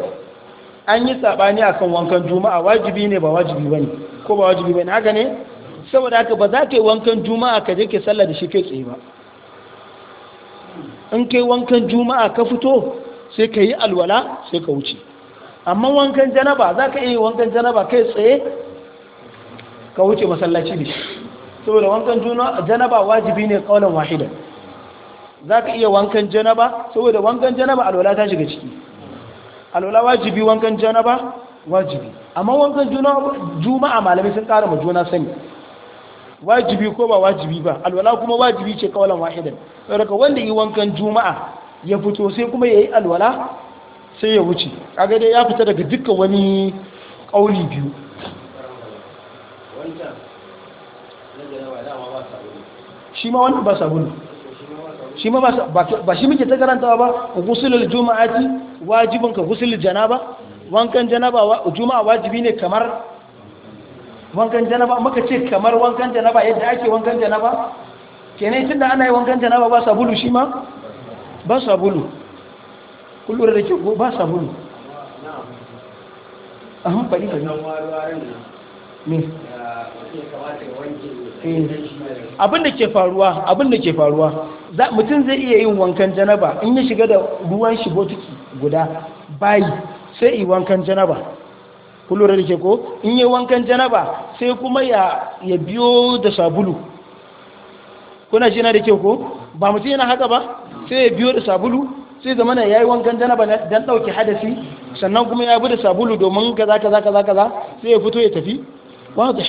an yi saɓani a kan wankan juma'a wajibi ne ba wajibi ba ne ko ba wajibi ba ne haka ne saboda haka ba za ka yi wankan juma'a ka je ke sallah da shi kai tsaye ba in kai wankan juma'a ka fito sai ka yi alwala sai ka wuce amma wankan janaba za ka iya wankan janaba kai tsaye ka wuce masallaci da shi saboda wankan janaba wajibi ne kaunan wahida za ka iya wankan janaba saboda wankan janaba alwala ta shiga ciki alwala wajibi wankan janaba wajibi amma wankan juma'a malamai sun ƙara ma juna sani wajibi ko ba wajibi ba alwala kuma wajibi ce kawalan wahidan saboda wanda yi wankan juma'a ya fito sai kuma ya yi alwala sai ya wuce kaga dai ya fita daga dukkan wani kauli biyu shi ma wannan ba sabulu shi ma ba shi muke ta karanta ba gusulul juma'ati wajibin ka gusulul janaba wankan janaba juma'a wajibi ne kamar wankan janaba maka ce kamar wankan janaba yadda ake wankan janaba tun tunda ana yi wankan janaba ba sabulu shi ma ba sabulu kullum da ke ba sabulu faɗi faɗi me abin da ke faruwa abin da ke faruwa mutum zai iya yin wankan janaba in ya shiga da ruwan shi botiki guda bayi sai yi wankan janaba ku lura da ke ko in yi wankan janaba sai kuma ya biyo da sabulu kuna jina da ke ko ba mutum yana haka ba sai ya biyo da sabulu sai zama ya yi wankan janaba don ɗauki hadasi sannan kuma ya bi da sabulu domin kaza kaza kaza kaza sai ya fito ya tafi wadah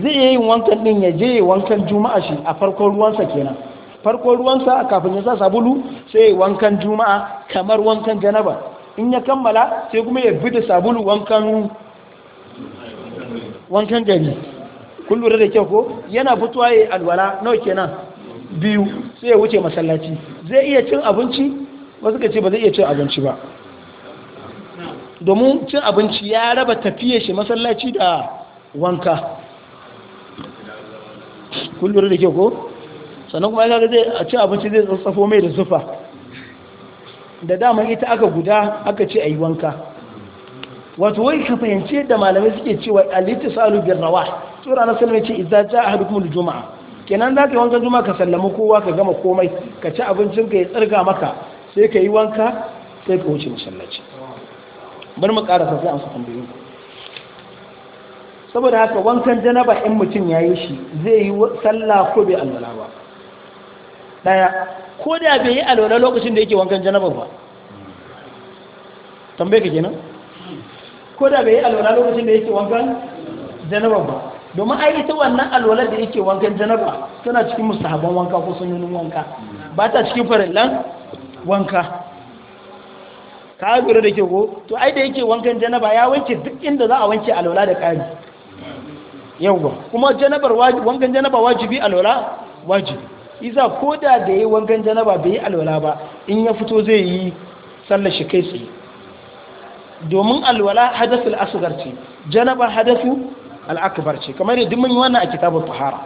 zai iya yin wankan ɗin ya je wankan juma'a shi a farkon ruwansa kenan farkon ruwansa kafin ya sa sabulu sai wankan juma'a kamar wankan janaba in ya kammala sai kuma ya bi da sabulu wankan wankan gari Kullum lura da kyau ko yana fitowa ya alwala nawa kenan biyu sai ya wuce masallaci zai iya cin abinci wasu ka ce ba zai iya cin abinci ba domin cin abinci ya raba tafiye shi masallaci da wanka kullum da ke ko sannan kuma ya zai a cin abinci zai tsatsafo mai da zufa da dama ita aka guda aka ce a yi wanka wato wai ka fahimci da malamai suke cewa aliti salu birnawa tsura na salmai ce iza ja a hukumul juma'a kenan za ka yi wankan juma'a ka sallami kowa ka gama komai ka ci abincin ka ya tsirga maka sai ka yi wanka sai ka wuce masallaci bar mu karasa sai amsa ku. saboda haka wankan janaba in mutum ya yi shi zai yi sallah ko bai alwala ba daya ko da bai yi alwala lokacin da yake wankan janaba ba tambaye ka nan, ko da bai yi alwala lokacin da yake wankan janaba ba domin ai ita wannan alwala da yake wankan janaba tana cikin musahaban wanka ko sunnunin wanka ba ta cikin farillan wanka ka lura da ke ko to ai da yake wankan janaba ya wanke duk inda za a wanke alwala da ƙari yauwa kuma janabar wankan janaba wajibi alwala wajibi isa ko da da yi wankan janaba bai yi alwala ba in ya fito zai yi sallar shi kai tsaye domin alwala hadasul asghar ce janaba hadasu al'akbar ce kamar yadda mun yi wannan a kitabul tahara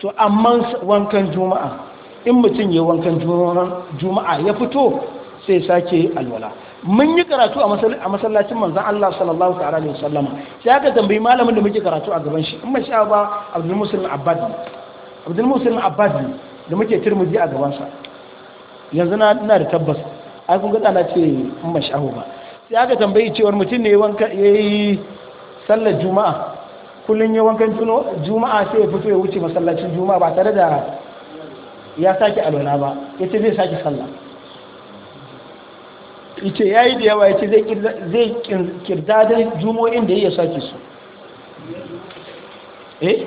to amma wankan juma'a in mutum ya wankan juma'a ya fito sai sake alwala mun yi karatu a masallacin manzan Allah sallallahu ta'ala sallama sai aka tambayi malamin da muke karatu a gaban shi in ba sha ba Abdul Muslim Abbad Abdul Muslim da muke turmuzi a gaban sa yanzu na ina da tabbas ai kun ga na ce in ba sha ba sai aka tambayi cewar mutum ne wanka yayi sallar juma'a kullun ya wankan juma'a sai ya fito ya wuce masallacin juma'a ba tare da ya sake alwala ba yace zai sake sallah ya yayi da yawa yace zai zai kirdadan jumo'in da ya sake su eh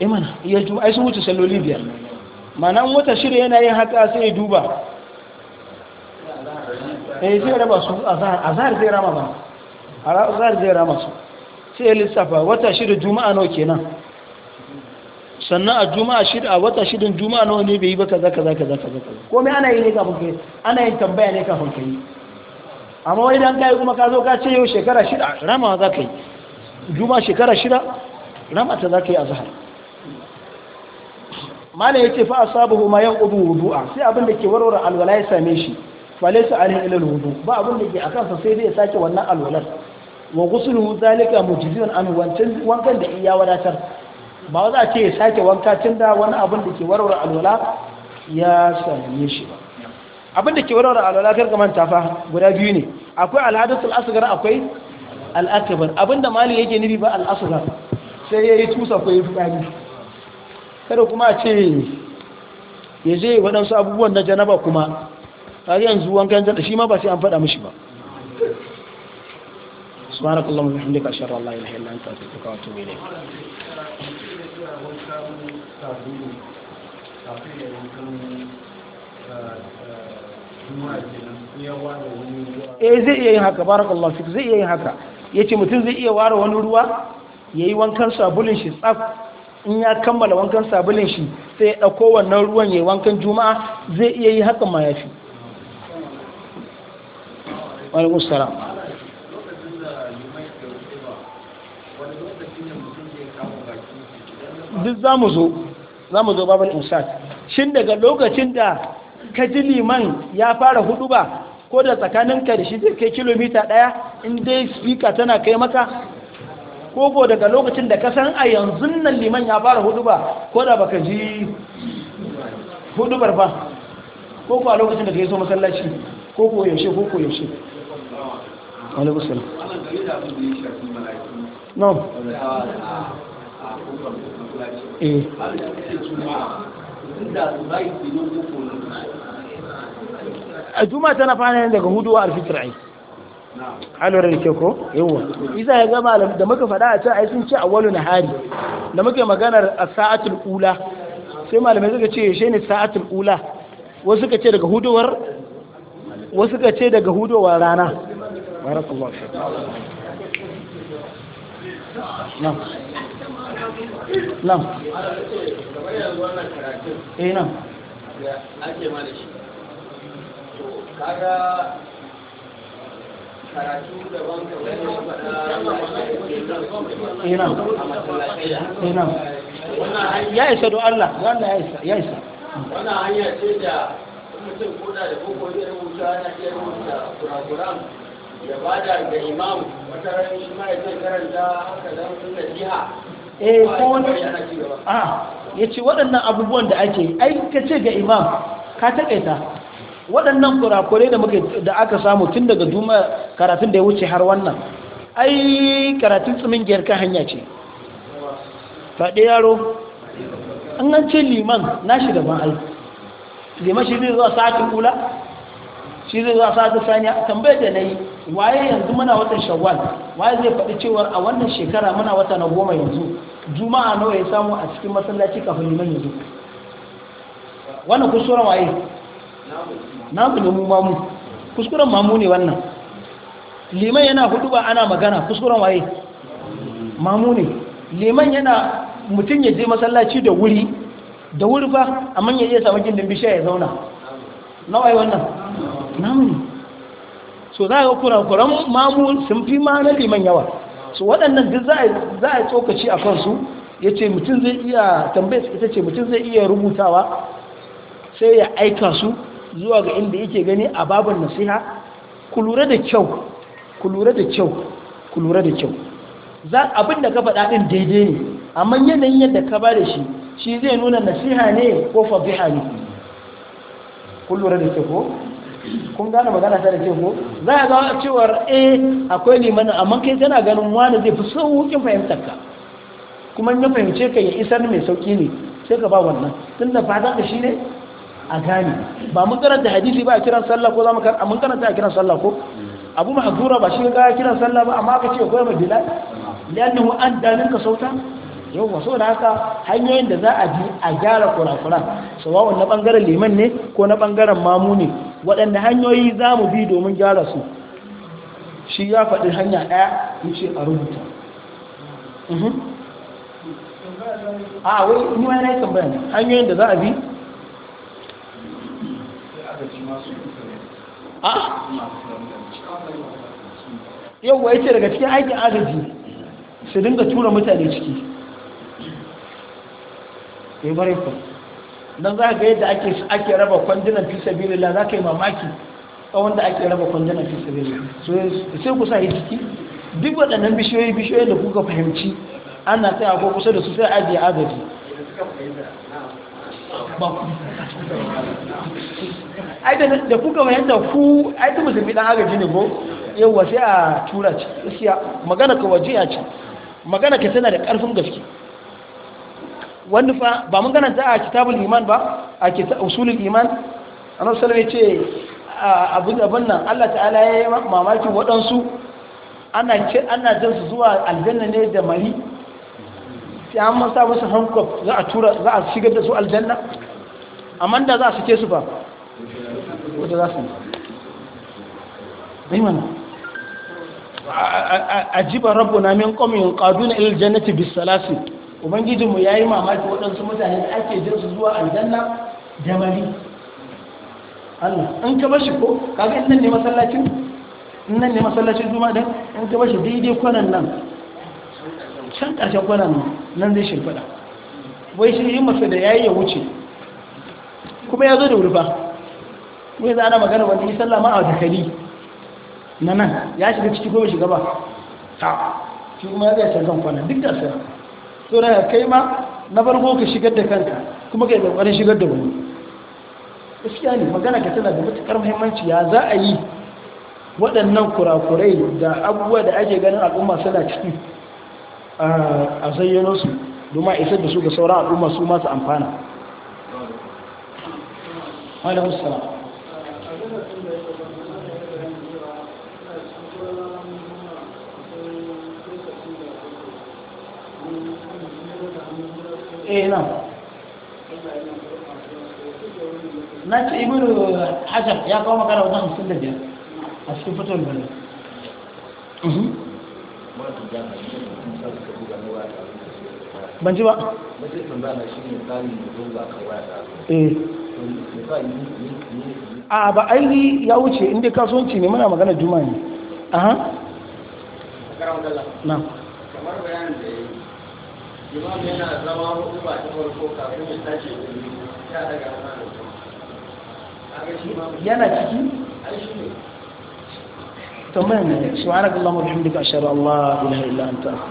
eh mana ya juma'a sun wuce salloli biyar manan wata shirya yana yin haka sai ya duba eh zai raba su a zahar zai rama ba zahar zai rama su sai ya lissafa wata shirya juma'a nawa kenan sannan a juma'a shida a wata shidin juma'a nawa ne bai yi ba kaza kaza kaza kaza Komai ana yi ne kafin kai ana yin tambaya ne kafin kai amma wai dan kai kuma ka zo ka ce yau shekara shida rama za ka yi juma'a shekara shida rama ta za ka yi a zahar mana ya ce fa asabahu ma hudu wudu'a sai abin da ke warware alwala ya same shi fa laysa alayhi illa alwudu ba abin da ke akan sa sai dai ya sake wannan alwalar wa ghusluhu zalika mujizun an wancan wankan da iya wadatar ba za a ce ya sake wanka tun da wani abin da ke warware alwala ya same shi ba abin da ke warware alwala kar ka manta fa guda biyu ne akwai alhadatul asghar akwai al abin da mali yake nufi ba al-asghar sai yayi tusa ko yayi fadi kada kuma a ce ya je waɗansu abubuwan na janaba kuma har yanzu wankan janaba shi ma ba sai an faɗa mishi ba subhanakallahumma wa bihamdika ashhadu an la ilaha illa anta astaghfiruka wa atubu ilayk wankan eh zai iya yin haka barakallahu fik zai iya yin haka yace mutum zai iya ware wani ruwa yayi wankan sabulun shi tsaf in ya kammala wankan sabulun shi sai ya dauko wannan ruwan yayi wankan juma'a zai iya yi haka ma yafi wa alaikum duk za mu zo za mu zo babal imsak shin daga lokacin da ka ji liman ya fara hudu ba ko da tsakanin ka da shi zai kai kilomita ɗaya in dai spika tana kai maka ko ko daga lokacin da ka san a yanzu nan liman ya fara hudu ba ko da baka ji hudu ba? ko ko a lokacin da ka yi so masallaci ko ko yaushe ko ko yaushe alaikum salam eh a juma tana fara yin daga hudu a alfitar ai halwar da ko yawa isa ya gama da muka faɗa a can aikin sun ce awwalu na hari da muka maganar a sa'atul ula sai malamai suka ce yaushe ne sa'atul ula wasu suka ce daga huduwar wasu suka ce daga huduwar rana nan nan eh nan ake ma da shi to kaga karatu daban kamar eh, eh, ya isa don Allah wannan ya isa wannan hanya ce da mutum ya bada ga imam wata ran shi ya karanta haka dan jiha eh ko a yace ah, waɗannan abubuwan da ake ai ka ce ga imam ka takaita waɗannan kurakure da muke da aka samu tun daga duma karatun da ya wuce har wannan ai karatun tsumin giyar kan hanya ce faɗi yaro an nan ce liman na shi da ma'ai liman shi zai zuwa sa'atin kula shi zai zuwa sa'atin saniya tambayar da na yi waye yanzu muna watan shawwal waye zai faɗi cewar a wannan shekara muna wata na goma yanzu juma'a nawa ya samu a cikin masallaci kafin liman yanzu wannan kuskuren waye na ku mu mamu kuskuren mamu ne wannan liman yana hudu ba ana magana kuskuren waye mamu ne liman yana mutum ya je masallaci da wuri da wuri ba amma ya iya samu gindin bishiya ya zauna nawa yi wannan namu ne so za ga kurakuran mamu sun fi ma na liman yawa so waɗannan duk za a tsokaci a kansu ya ce mutum zai iya tambayar ita ce mutum zai iya rubutawa sai ya aika su zuwa ga inda yake gani a babin nasiha ku lura da kyau ku lura da kyau ku lura da kyau za abin da ka faɗa ɗin daidai ne amma yanayin yadda ka ba da shi shi zai nuna nasiha ne ko fabiha ne ku lura da kyau ko kun gane magana ta da ke ko za a ga cewar a eh, akwai liman amma kai tana ganin wani zai fi sauƙin fahimtar ka kuma ya fahimce ka ya isar mai sauƙi ne sai ka ba wannan tun da fata da shi ne a gane ba mun karanta hadisi ba a kiran sallah ko za mu karanta mun karanta a kiran sallah ko abu mahdura ba shi ga kiran sallah ba amma ka ce ko mai bilal lannahu an danin ka sauta ba so da haka hanyoyin da za a bi a gyara kurakuran sawa'un na ɓangaren liman ne ko na ɓangaren mamu ne waɗanda hanyoyi za mu bi domin gyara su shi ya faɗi hanya ɗaya ya ce a rubuta mhm. a wai ni hanyoyin da za a bi ya ce daga cikin aikin agaji su dinga tura mutane ciki ya eh, bare ku dan za ga yadda ake ake raba kwandunan fi sabilillah za ka yi mamaki tsawon da ake raba kwandunan fi sabilillah so sai ku sa yi ciki duk waɗannan bishiyoyi bishiyoyi da kuka fahimci ana tsaya ko kusa da su sai ajiye agaji ai da kuka fahimta ku ai ta musulmi dan agaji ne ko yawwa sai a tura ci magana ka waje a ci magana ka tana da ƙarfin gaske wani fa ba mun gana za a kitabul iman ba a usulul iman annabi sallallahu alaihi ce abin nan Allah ta'ala ya yi mamaki waɗansu ana ana jin su zuwa aljanna ne da mari sai an masa musu hankop za a tura za a shigar da su aljanna amma da za a sake su ba wanda za su bai mana ajiba rabbuna min qawmin qaduna ila aljannati bis ubangijinmu ya yi mamaki waɗansu mutane da ake jin su zuwa aljanna jamali Allah in ka bashi ko kaga in nan ne masallacin in nan ne masallacin juma don in ka bashi daidai kwanan nan can ƙarshen kwanan nan zai shimfiɗa wai shi yi masu da ya yi ya wuce kuma ya zo da wurfa wai za ana magana wanda yi sallama a dakali na nan ya shiga ciki ko bai shiga ba ta shi kuma ya zai canzan kwanan duk da sai so daga kai ma na farko ka shigar da kanka kuma ka yi ƙoƙarin shigar da wani gaskiya ne magana ka tana da matuƙar muhimmanci ya za a yi waɗannan kurakurai da abubuwa da ake ganin al'umma suna ciki a zayyano su domin isar da su ga sauran al'umma su masu amfana. Wani eh nan na ce ibn hajar ya kawo magana wajen hamsin da biyar a cikin fitowar bane mhm. ban ji ba eh. a ba aini ya wuce inda kasuwanci ne muna magana juma ne imam yana zama hudu ba ta farko kafin ya tashi ya daga hannun yana ciki to mai ne subhanakallahumma wa bihamdika ashhadu an la ilaha illa anta